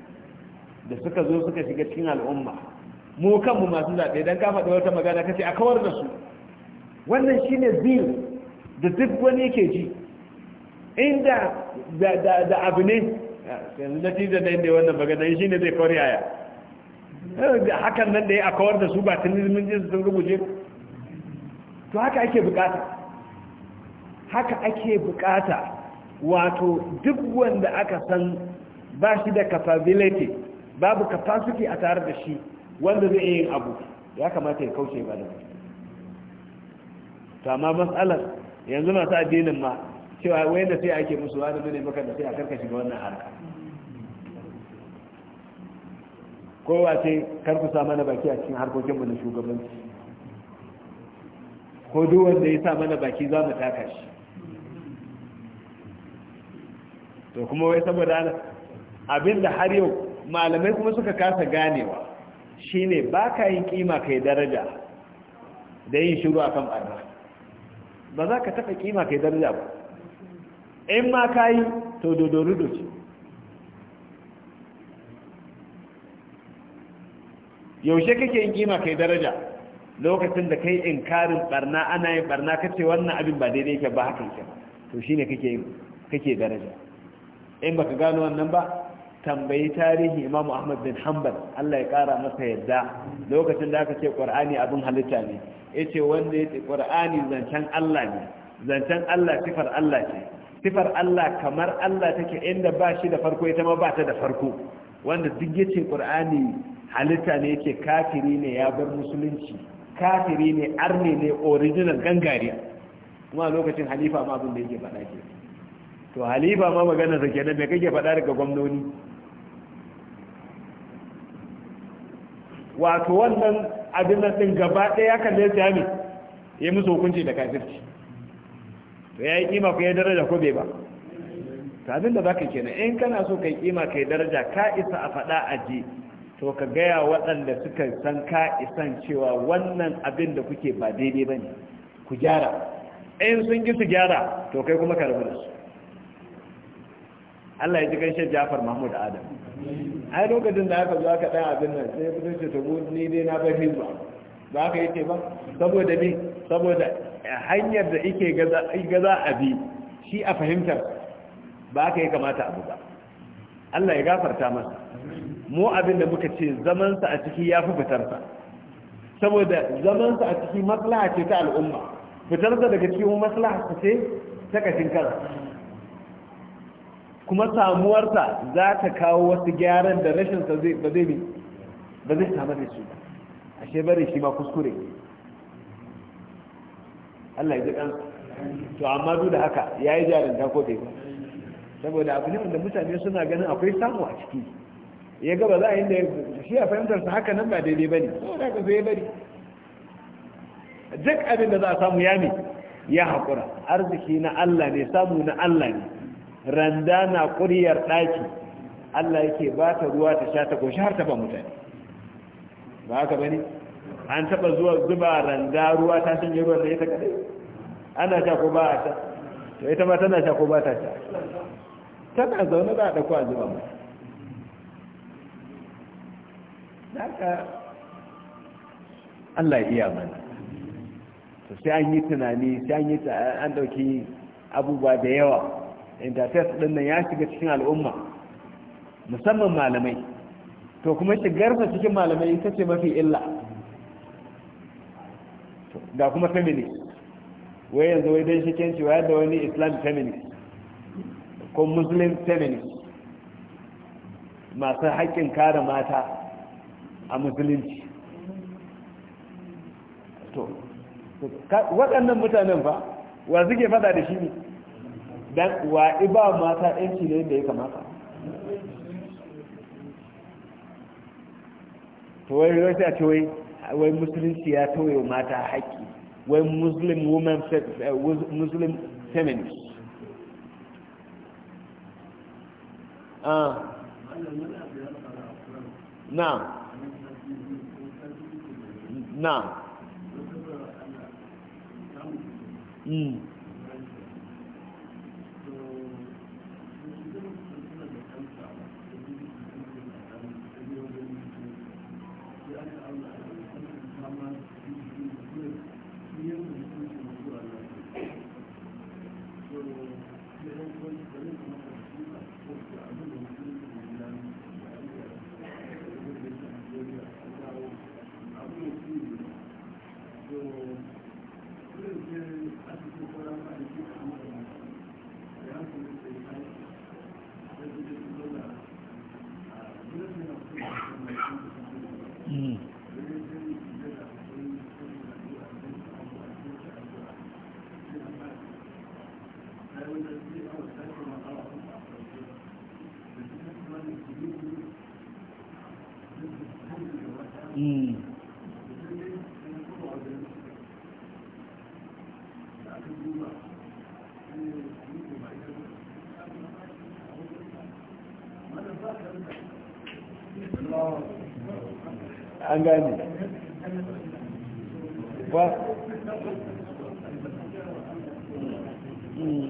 da suka zo suka shiga cikin al'umma mu kanmu masu zaɓe don ka faɗi wata magana ka ce a kawar da su wannan shi ne zil da duk wani ke ji inda da abu ne yanzu na tijar da inda wannan magana shi ne zai kawar yaya eh, hakan nan da ya a kawar da su ba nizmin jinsu sun rubuce to haka ake bukata haka ake bukata wato duk wanda aka san ba shi da capability babu capacity a tare da shi wanda zai iya yin abu ya kamata ya kauce ba da to amma matsalar yanzu masu addinin ma cewa wai da sai ake musu wani mune maka da sai a karkashi ga wannan harka kowa ce sa mana baki a cikin harkokinmu na shugabanci ko duk wanda ya sa mana baki za mu taka shi to kuma wai saboda abinda har yau malamai kuma suka kasa ganewa shine ba ka yin kima kai daraja da yin shiru akan barna ba za ka taɓa kima kai daraja ba in ma ka yi to dodorudo ce yaushe kake yin kima kai daraja lokacin da kai karin barna ana yin barna kace wannan abin ba daidai ke ba hakan ke to shine ne kake daraja in ba ka gano wannan ba tambayi tarihi imam ahmad bin hanbal allah ya kara masa yadda lokacin da aka ce qur'ani abin halitta ne yace wanda yace qur'ani zancen allah ne zancen allah sifar allah ce sifar allah kamar allah take inda ba shi da farko ita ma ba ta da farko wanda duk yace qur'ani halitta ne yake kafiri ne ya bar musulunci kafiri ne arne ne original gangariya kuma lokacin halifa ma abin da yake faɗa ke to halifa ma magana zake da me kake faɗa daga gwamnoni wato wannan abin nan din gaba ɗaya ya kalle su yami ya musu hukunci da kafirci to ya yi kima ku ya daraja ko bai ba ta abin da za ka kenan in kana so ka yi kima ka yi daraja ka isa a faɗa a ji to ka gaya waɗanda suka san ka isan cewa wannan abin da kuke ba daidai ba ne ku gyara in sun ki su gyara to kai kuma ka rabu da su Allah ya ji gaishe Jafar Mahmud Adam ai lokacin da aka zo aka ɗaya abin nan sai fito ta tabu ni dai na bar hizba ba ka yake ba saboda ne saboda hanyar da ike gaza a bi shi a fahimtar ba ka yi kamata abu ba Allah ya gafarta masa mu abin da muka ce zamansa a ciki ya fi fitarsa saboda zamansa a ciki maslaha ce ta al'umma fitarsa daga cikin maslaha ce ta kashin kansa kuma samuwarsa za ta kawo wasu gyaran da rashinsa ba zai ba zai samu da shi a ashe bari shi ma kuskure Allah ya ji kansa to amma duk da haka ya yi jarinta ko bai ba saboda abu ne wanda mutane suna ganin akwai samu a ciki ya gaba za a yi da shi a sa haka nan ba daidai ba ne saboda ka zai bari duk abin da za a samu ya ya haƙura arziki na Allah ne samu na Allah ne randa na kuriyar ɗaki Allah yake ba ta ruwa ta sha ta koshi har taɓa mutane ba haka ba an taba zuwa zuba randa ruwa ta shanye ruwa da ya ta kaɗai ana sha ko ba ta? to ita ma tana sha ko ba ta sha tana zaune ba a ɗauko a zuba mata haka Allah ya iya mana to sai an yi tunani sai an yi an ɗauki abubuwa da yawa interface ɗin nan ya shiga cikin al'umma musamman malamai to kuma shigarsa cikin malamai ita ce mafi illa ga kuma feminist wai yanzu wai don shi kenci wayar da wani Islam feminist ko muslim feminist masu haƙƙin kare mata a musulunci to waɗannan mutanen ba wa suke fada da shi ne dan wa iba mata yanci ne da ya kamata to wai wai sai a ce wai musulunci ya tauye mata haƙƙi wai muslim women muslim feminist ah na na mm. an gane ba hmm.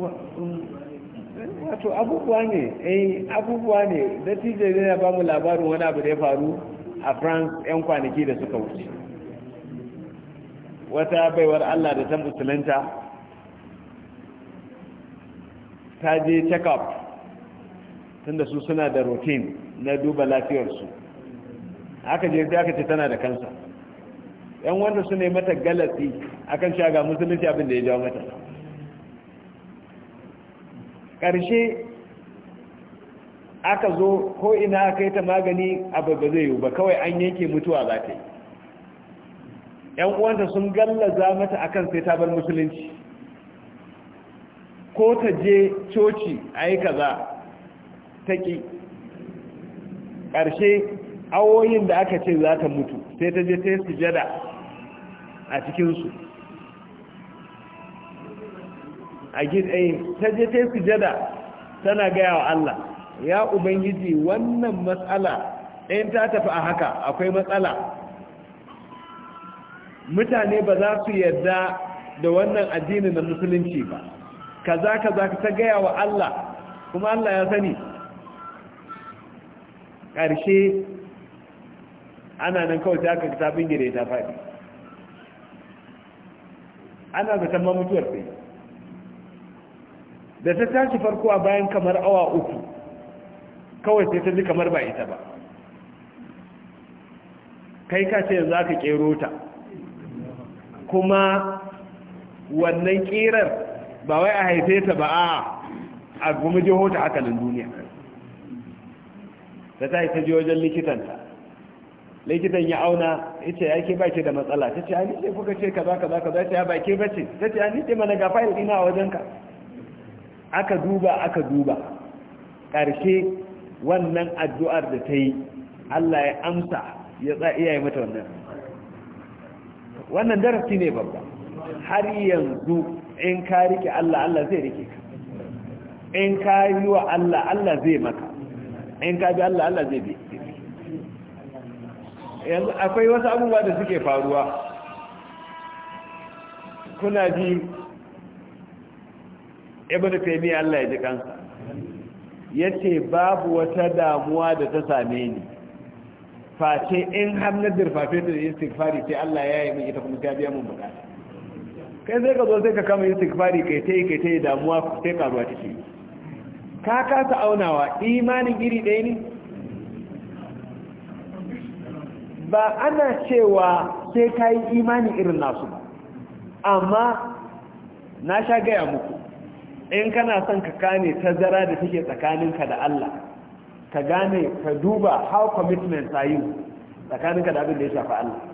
um, eh, wato abubuwa ne eh abubuwa ne da tijai ne ba mu labarin wani abu da ya faru a france 'yan kwanaki da suka wuce wata baiwar allah da ta musulunta ta je check-up tunda su suna da routine na duba lafiyarsu aka je sai aka ce tana da kansa yan wanda su ne mata galasi akan ga musulunci abin da ya jawo mata ƙarshe aka zo ko ina aka yi ta magani abu ba zai yi ba kawai an yanke mutuwa ba ta yi yan uwanta sun gallaza mata akan sai ta bar musulunci ko ta je coci a yi kaza take ƙarshe awoyin da aka ce za ta mutu sai ta je ta yi sujada a cikinsu a eh, ta je ta yi sujada tana gaya wa Allah ya ubangiji wannan matsala ɗayan ta tafi a haka akwai matsala mutane ba za su yarda da wannan addinin na musulunci ba kaza kaza ta gaya wa Allah kuma Allah ya sani ƙarshe ana nan kawai ta aka ta bingire ta faɗi ana da ma mutuwar sai da ta tashi farko a bayan kamar awa uku kawai sai ta ji kamar ba ita ba kai ka ce za ka kero ta kuma wannan ƙirar ba wai a haife ta ba a a gumi jiho hakanin duniya ta ta ta je wajen likitanta likitan ya auna ya ce ya ke baki da matsala ta ce ni ce kuka ce kaza kaza kaza ta ya baki bace ta ce ni ce mana ga fayil ina a wajenka aka duba aka duba ƙarshe wannan addu'ar da ta yi Allah ya amsa ya tsa iyaye mata wannan wannan darasi ne babba har yanzu in ka rike Allah Allah zai rike ka in ka yi wa Allah Allah zai maka in ka bi Allah Allah zai bi yanzu akwai wasu abubuwa da suke faruwa kuna ji ibn taymi Allah ya ji kansa yace babu wata damuwa da ta same ni face in har na dirfafe ta istighfari sai Allah ya yi min ita kuma ta biya mun bukata kai sai ka zo sai ka kama istighfari kai tai kai tai damuwa sai karuwa take ka kasa aunawa imanin iri ɗaya ne ba ana cewa sai ka yi imanin irin nasu ba amma na sha gaya muku in kana son ka kane tazara da take tsakaninka da Allah ka gane ka duba how commitment are you tsakaninka da abin da ya shafa Allah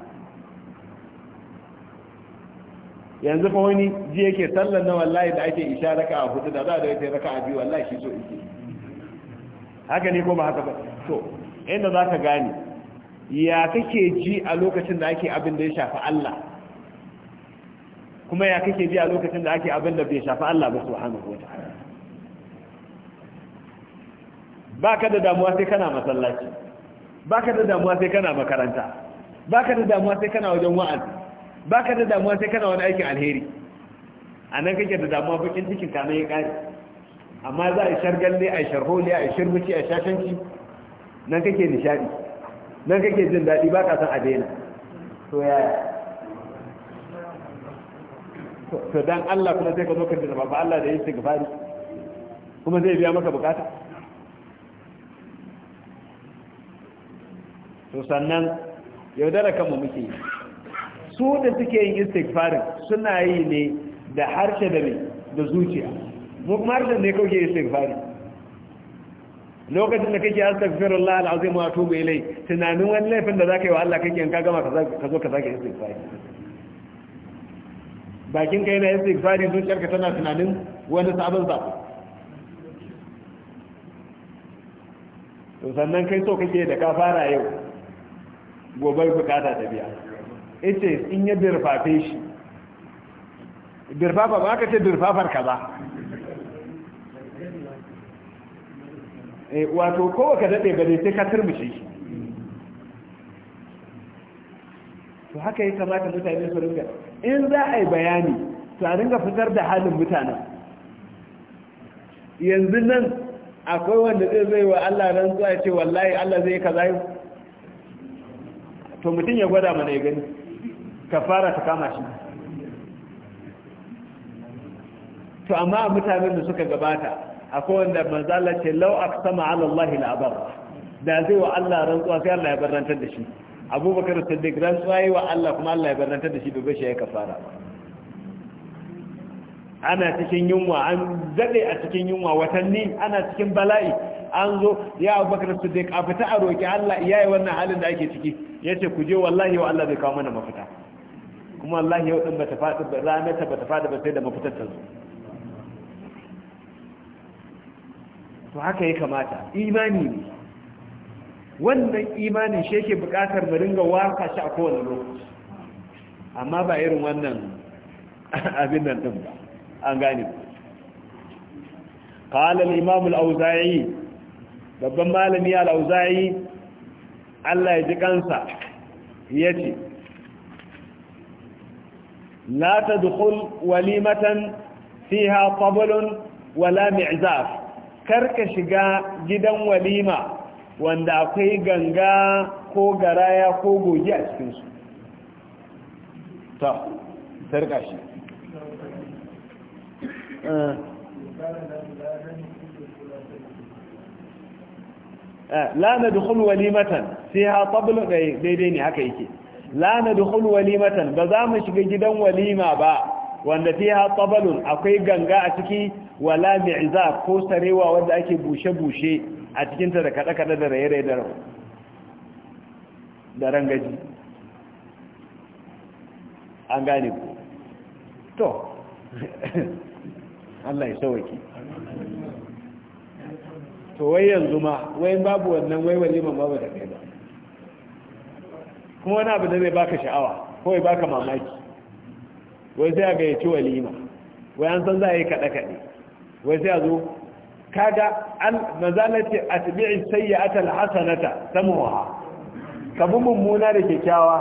yanzu fa wani ji yake sallar na wallahi da ake isha raka a hudu da za da yake raka a biyu wallahi shi so yake haka ne ko ba haka ba to inda za ka gane ya kake ji a lokacin da ake abin da ya shafi Allah kuma ya kake ji a lokacin da ake abin da bai shafi Allah ba subhanahu wata'ala baka da damuwa sai kana masallaci baka da damuwa sai kana makaranta baka da damuwa sai kana wajen wa'azi ba ka da damuwa sai kana wani aikin alheri a nan kake da damuwa bakin cikin kamar ya kare amma za a galle a holi a shirbuci a shashanci nan kake nishadi nan kake jin daɗi ba ka san a daina to ya to dan Allah kuma sai ka zo ka jira ba Allah da yin istighfari kuma zai biya maka bukata to sannan yaudara kanmu muke yi su da suke yin istighfarin suna yi ne da harshe da mai da zuciya mu kuma harshen ne kauke istighfari lokacin da kake astaghfirullah alazim wa atubu ilai tunanin wani laifin da zaka yi wa Allah kake in ka gama ka zo ka zaka istighfari bakin ka yana istighfari ka tana tunanin wani sabon sako to sannan kai so kake da ka fara yau gobe bukata ta biya ita in ya birfafe shi birfafa ba ka ce birfafar ba eh wato ko ka dade gare sai ka turmushe shi to haka ya kamata mutane su ringa in za a yi bayani to a ringa fitar da halin mutanen yanzu nan akwai wanda zai zai wa Allah ran zuwa ce wallahi Allah zai kaza yau to mutum ya gwada mana ya gani kafara ta kama shi to amma mutanen da suka gabata akwai wanda manzala ce lau aqsama ala Allah al-abar da zai wa Allah rantsuwa sai Allah ya barantar da shi abubakar siddiq rantsuwa yi wa Allah kuma Allah ya barantar da shi bai shi ya kafara ana cikin yunwa an zade a cikin yunwa watanni ana cikin bala'i an zo ya abubakar siddiq a fita a roki Allah iyaye wannan halin da ake ciki yace ku je wallahi wa Allah zai kawo mana mafita kuma wallahi yau din bata fadi ranar ta bata fadi ba sai da mafitar ta zo to haka ya kamata imani ne wannan imanin shi yake buƙatar mu ringa waka shi a kowane lokaci amma ba irin wannan [laughs] abin nan din ba an gane قال الإمام الأوزاعي babban malami al-auza'i Allah ya ji kansa ya ce da tadkhul walimatan fiha qablun wala mi'zaf karka shiga gidan walima wanda akwai ganga ko garaya ko gogi a cikin su ta sarka shi la walimatan daidai ne haka yake la nadkhulu walimatan ba za mu shiga gidan walima ba wanda ha tabalun akwai ganga a ciki wala mi'za ko sarewa wanda ake bushe-bushe a cikin ta da kada-kada da raye-raye da da rangaji an gane ku to [laughs] Allah ya sauki to wai yanzu ma wai babu wannan wai walima babu da kai ba kuma wani abu da zai baka sha'awa ko ya baka mamaki wai sai a ga ya ci walima wai an san za a yi kaɗe-kaɗe wai sai a zo kaga mazalati a tabi'i sayyata alhasanata samuwa ka bi mummuna da kyakkyawa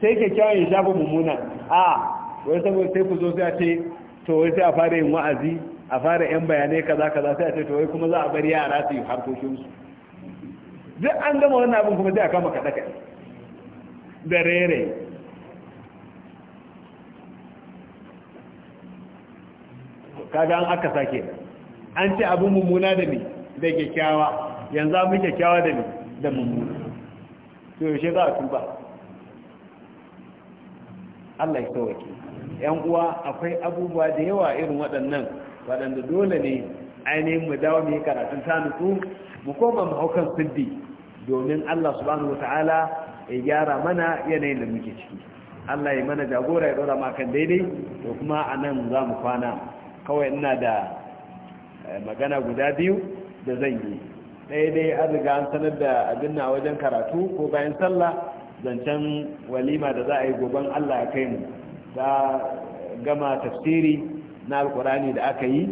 sai kyakkyawa ya shafi mummuna a wai saboda sai ku zo sai a ce to wai sai a fara yin wa'azi a fara yan bayanai kaza kaza sai a ce to wai kuma za a bari yara su yi harkokinsu duk an gama wannan abin kuma sai a kama kaɗe-kaɗe da rere kaga an aka sake an ce abin mummuna da ne da kyakkyawa yanzu abin kyakkyawa da ne da mummuna to yaushe za a tuba Allah ya sauke yan uwa akwai abubuwa da yawa irin waɗannan waɗanda dole ne ainihin mu dawo mu yi karatun ta nutsu mu koma mu haukan siddi domin Allah subhanahu ta'ala ya gyara mana yanayin da muke ciki Allah ya mana jagora ya dora kan daidai to kuma a nan za mu kwana kawai ina da eh, magana guda biyu da zan yi daidai dai an riga an sanar da abin na wajen karatu ko bayan sallah zancen walima da za a yi goban Allah ya kai mu ta gama tafsiri na alkurani da aka yi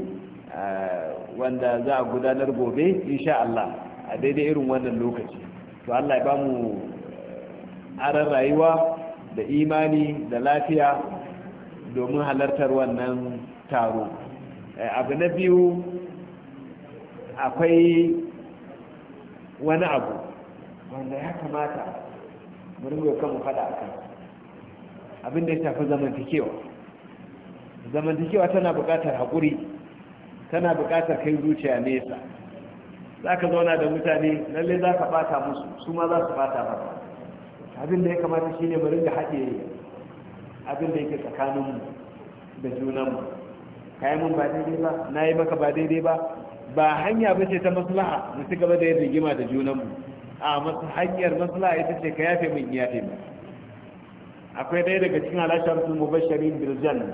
eh, wanda za a gudanar gobe insha Allah a daidai irin wannan lokaci to Allah ya ba mu aran rayuwa da imani da lafiya domin halartar wannan taro eh, abu na biyu akwai wani abu wanda ya kamata murin kan mu fada akan abinda ya tafi zamantakewa zamantakewa tana buƙatar haƙuri tana buƙatar kai zuciya nesa za ka zauna da mutane lalle za ka bata musu su ma za su bata maka abin da ya kamata shi ne bari da haɗe abin da yake tsakaninmu da junanmu ka yi mun ba daidai ba na yi maka ba daidai ba ba hanya ba ce ta maslaha mu ci gaba da yin rigima da junanmu a masu hanyar maslaha ita ce ka yafe min yafe ba akwai ɗaya daga cikin alashar sun mubashirin birjan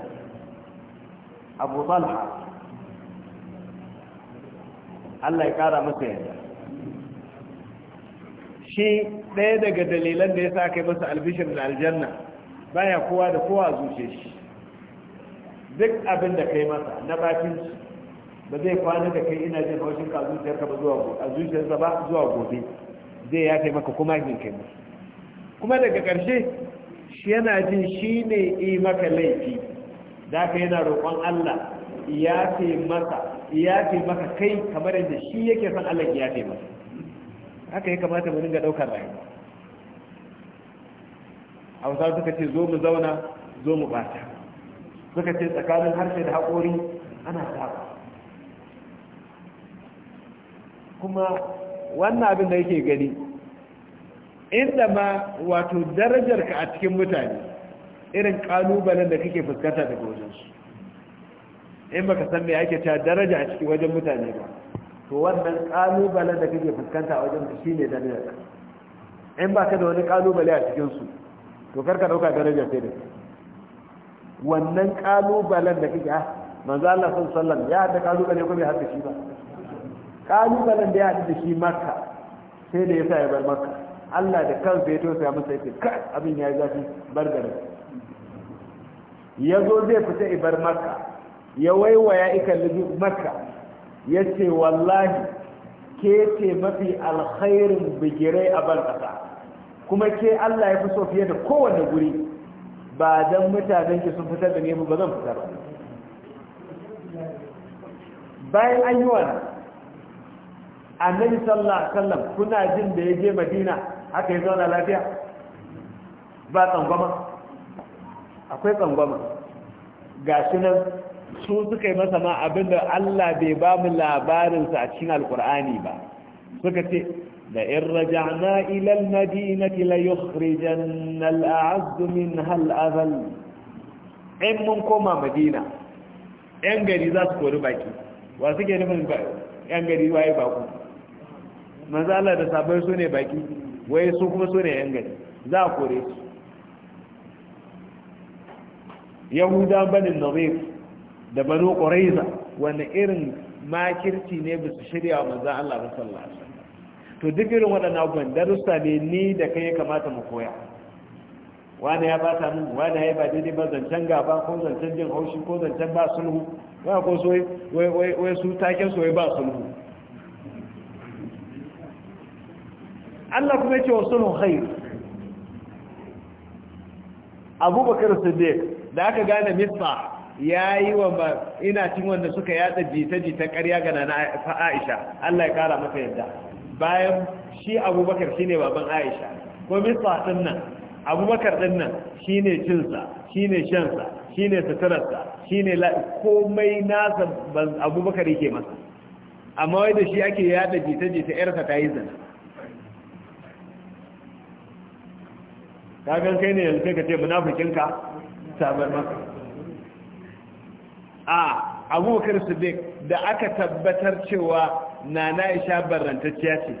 abu talha Allah ya kara masa yadda shi ɗaya daga dalilan da ya sa kai masa albishir da aljanna baya kowa da kowa zuce shi duk abin da kai masa na bakinci ba zai kwana da kai ina jin haushin ka zuciyarka ba zuwa a zuciyarsa ba zuwa gobe zai ya kai maka kuma yin kai kuma daga ƙarshe shi yana jin shi ne yi maka laifi da ka yana roƙon Allah ya fi masa ya maka kai kamar yadda shi yake son Allah ya fi masa haka ya kamata mu dinga ɗaukar rayuwa hausawa suka ce zo mu zauna zo mu bata suka ce tsakanin harshe da haƙori ana saba kuma wannan abin da yake gani inda ma wato darajarka a cikin mutane irin ƙalubalen da kake fuskanta daga wajensu in baka san me ake ta daraja a cikin wajen mutane ba to wannan kalubalen da kake fuskanta a wajen shi ne darajar in ba ka da wani kalubale a cikinsu to karka dauka daraja sai da wannan kalubalen da kake ah manzo Allah sallallahu alaihi wasallam ya da kalubale ko bai hada shi ba kalubalen da ya haɗu da shi makka sai da yasa ya bar makka Allah da kansa ya masa ka abin yayi zafi bar garin yazo zai fita ibar makka ya waiwaya ikalli makka ya ce wallahi ke ce mafi alkhairin bigirai a ban kuma ke Allah ya fi so fiye da kowane guri ba don mutanen ki sun fitar da nemi ba zan fitar bayan an yi annabi sallallahu alaihi wasallam kuna jin da ya je madina haka yi zauna lafiya ba tsangwama akwai tsangwama ga shi nan su suka yi masa ma abinda Allah bai ba mu labarinsa a cikin alkur'ani ba suka ce da in raja'na ila al-madinati la yukhrijanna al-a'azz minha al-azal in mun koma madina yan gari za su kori baki wa suke nufin yan gari waye ku manzo Allah da sabai su ne baki waye su kuma su ne yan gari za a kore su yahudan banin nazir da banu ƙuraiza wani irin makirci ne su shirya wa manzan Allah ba sallallahu alaihi wasallam to duk irin waɗannan abubuwan darussa ne ni da kai ya kamata mu koya wani ya bata min wani ya ba daidai ba zancen gaba ko zancen jin haushi ko zancen ba sulhu ba ko so wai su taken so ba sulhu Allah kuma ya ce wa sulhu khair Abubakar Siddiq da aka gane Misra ya yi wa ina cin wanda suka yada jita-jita ƙarya ga nana Aisha Allah ya kara masa yadda bayan shi Abubakar shine baban Aisha ko misa din nan Abubakar din nan shine cin sa shine shansa sa shine suturar sa shine komai nasa Abubakar yake masa amma wai da shi ake yada jita-jita ƴarsa ta yi zina ka gan kai ne yanzu kai ka ce munafikinka sabar maka a abubakar siddiq da aka tabbatar cewa na na isha barantacciya ce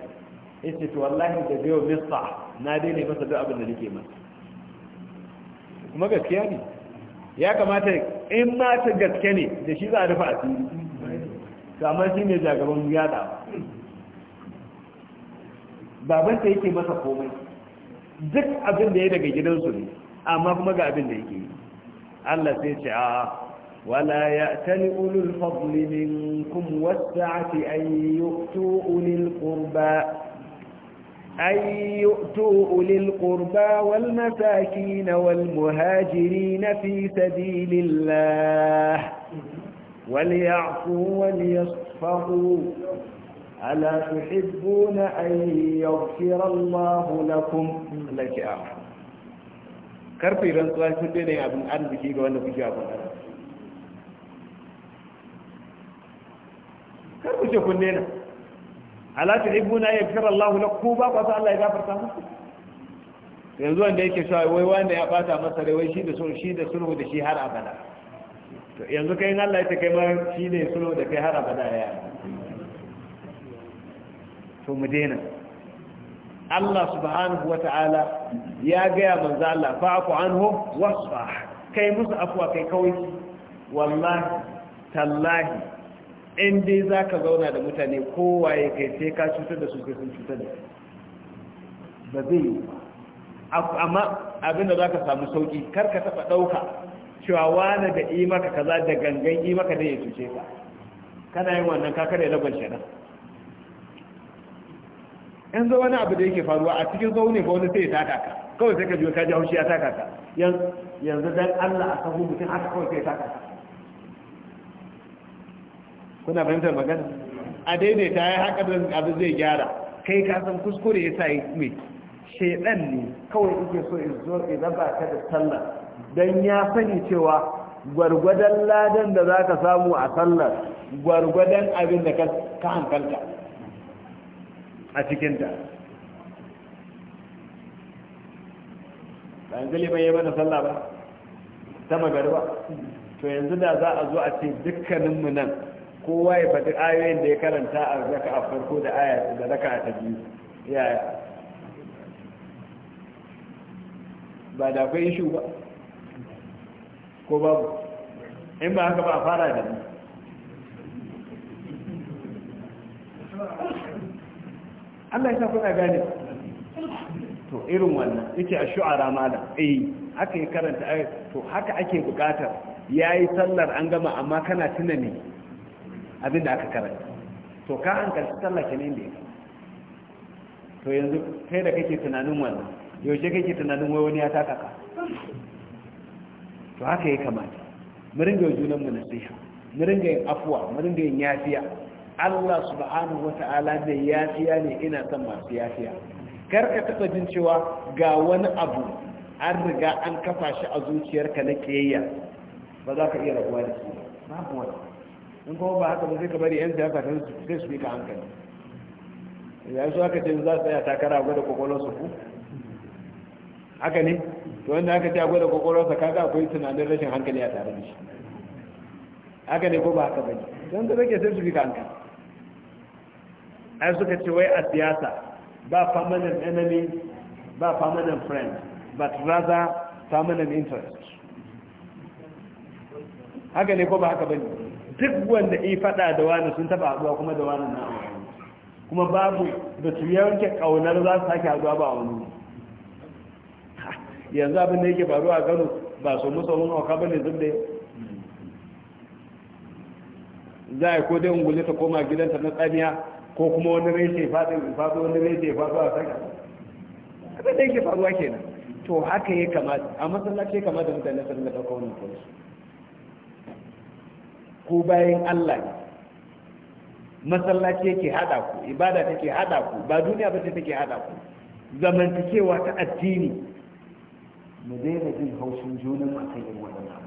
yace to wallahi da biyo mista na daina masa duk abin da nake masa kuma gaskiya ne ya kamata in ma ta gaske ne da shi za a rufe asiri kamar shi ne jagaban yada babanta yake masa komai duk abin da ya daga gidansu ne amma kuma ga abin da yake yi Allah sai ce a ولا يأتل أولو الفضل منكم والسعة أن يؤتوا أولي القربى أن يؤتوا أولي القربى والمساكين والمهاجرين في سبيل الله وليعفوا وليصفقوا ألا تحبون أن يغفر الله لكم لك أعلم كرفي رنطوان سبيني أبن أرض كيغوان كيغوان kar ku ce kun daina ala ta ya firar Allah la ku ba kwasa Allah ya gafarta muku yanzu wanda yake shawai wai wanda ya bata masa rai wai shi da sulhu shi da sulhu da shi har abada to yanzu kai Allah ya ta kai ma shi ne sulhu da kai har abada ya to mu daina Allah subhanahu wa ta'ala ya gaya manzo Allah fa'fu anhu wasfah kai musu afwa kai kawai wallahi tallahi in dai za ka zauna da mutane kowaye kai sai ka cutar da su sai sun cutar da ba zai yi amma abinda za ka samu sauƙi kar ka taɓa ɗauka cewa wane da yi maka kaza da gangan yi maka da ya cuce ka kana yin wannan ka kare rabar nan in zo wani abu da yake faruwa a cikin zaune ba wani sai ya taka ka kawai sai ka biyo ka ji haushi ya taka ka yanzu dan Allah a sahu mutum haka kawai sai ya taka ka kuna fahimtar magana a daidaita ya haka da abin zai gyara kai ka san kuskure ya sa yi mai shaidan ne kawai ike so in zo in zaba ka da sallar don ya sani cewa gwargwadon ladan da za ka samu a sallar gwargwadon abin da ka hankalta a cikinta ba yanzu liman yi mana sallah ba ta magarba to yanzu da za a zo a ce dukkaninmu nan kowa ya faɗi ayoyin da ya karanta a raka a farko da aya da raka a ta biyu yaya ba da akwai ishu ba ko babu in ba haka ba a fara da ni Allah ya sa kuna gane to irin wannan yace ash-shu'ara mala eh aka yi karanta to haka ake bukatar yayi sallar an gama amma kana tuna ne abin da aka karanta to ka an sallah kenan ne ne to yanzu kai da kake tunanin wannan yaushe kake tunanin wai wani ya taka ka to haka ya kamata mu ringa junanmu na siya, mu ringa yin afuwa mu ringa yin yafiya Allah subhanahu wata'ala mai yafiya ne ina son masu yafiya kar ka taba jin cewa ga wani abu an riga an kafa shi a zuciyarka na kiyayya ba za ka iya rabuwa da shi ba babu wani in kuma ba haka ba sai ka bari yan siyasa ta su sai su ka hankali ya su aka ce za su tsaya takara a gwada kwakwalwar su ku haka ne to wanda aka ce a gwada kwakwalwar sa kaga akwai tunanin rashin hankali a tare da shi haka ne ko ba haka ba ne don ta rage sai su ka hankali ai suka ce wai a siyasa ba permanent enemy ba permanent friend but rather permanent interest haka ne ko ba haka ba ne duk wanda ya faɗa da wani sun taɓa haɗuwa kuma da wani na kuma babu da tuyanke ƙaunar za su sake haɗuwa ba wani yanzu abin da yake faruwa a gano ba su musa wani hauka ba ne zub da za a yi ko dai ungule ta koma gidanta na tsamiya ko kuma wani reshe faɗin faɗo wani rai ce faɗo a sake abin da yake faruwa kenan to haka ya kamata a masallaci ya kamata mutane sun da ɗauka wani kansu ko bayan Allah ne masallaci yake hada ku ibada take hada ku ba duniya ba ce take hada ku zamantakewa ta addini mu daina jin haushin junan a kan irin waɗannan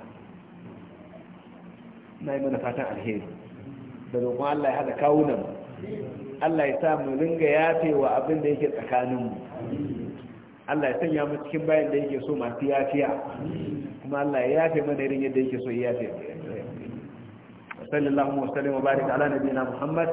na yi mana fatan alheri da roƙon Allah ya haɗa kawunan Allah ya sa mu ringa yafe wa abin da yake tsakaninmu Allah ya sanya mu cikin bayan da yake so masu yafiya kuma Allah ya yafe mana irin yadda yake so yafe صلى الله وسلم وبارك على نبينا محمد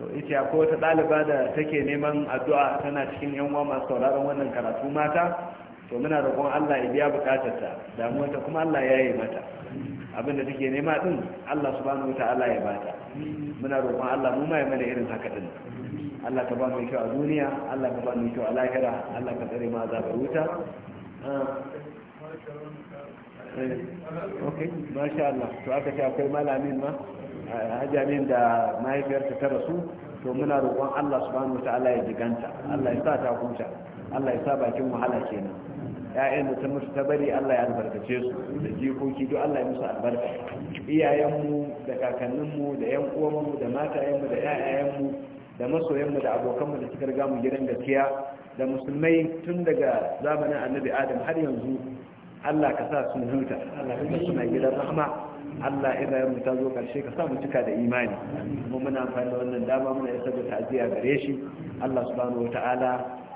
to ita ko ta ɗaliba da take neman addu'a tana cikin yan uwa masu sauraron wannan karatu mata to muna roƙon Allah ya biya bukatarta ta kuma Allah ya yi mata abin da take nema din Allah subhanahu wataala ya bata muna roƙon Allah mu ma ya mana irin haka din Allah ka ba mu kyau a duniya Allah ka ba mu kyau a lahira Allah ka tsare ma zaɓar wuta ah, eh, ok masha Allah to aka ce akwai malamin ma eh, hajjamin da mahaifiyarta ta rasu to muna roƙon Allah subhanahu wa ta'ala ya jiganta Allah ya sa ta huta Allah ya sa bakin wahala kenan Ya'yan da ta mutu ta bari Allah ya albarkace su da jikoki duk Allah ya musu albarka iyayenmu da kakanninmu da yan uwanmu da matayenmu da ya'yayenmu da masoyanmu da abokanmu da suka riga mu gidan gaskiya da musulmai tun daga zamanin annabi adam har yanzu Allah ka sa sun huta Allah ka suna gidan rahama Allah ina yin ta zo karshe ka sa mu cika da imani kuma muna amfani da wannan dama muna isa da ta'aziyya gare shi Allah subhanahu wataala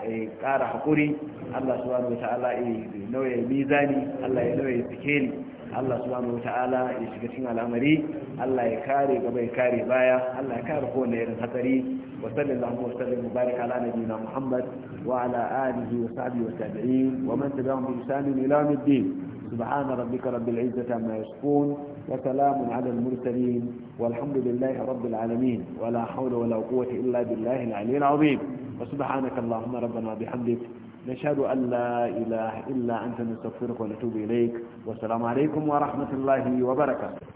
ya ƙara haƙuri Allah subhanahu wataala ya nauye mizani Allah ya nauye tikeli Allah subhanahu wataala ya shiga cikin al'amari Allah ya kare gaba ya kare baya Allah ya kare kowane irin hatsari وصل اللهم وسلم وبارك على نبينا محمد وعلى آله وصحبه والتابعين ومن تبعهم بإحسان إلى يوم الدين سبحان ربك رب العزة عما يصفون وسلام على المرسلين والحمد لله رب العالمين ولا حول ولا قوة إلا بالله العلي العظيم وسبحانك اللهم ربنا بحمدك نشهد أن لا إله إلا أنت نستغفرك ونتوب إليك والسلام عليكم ورحمة الله وبركاته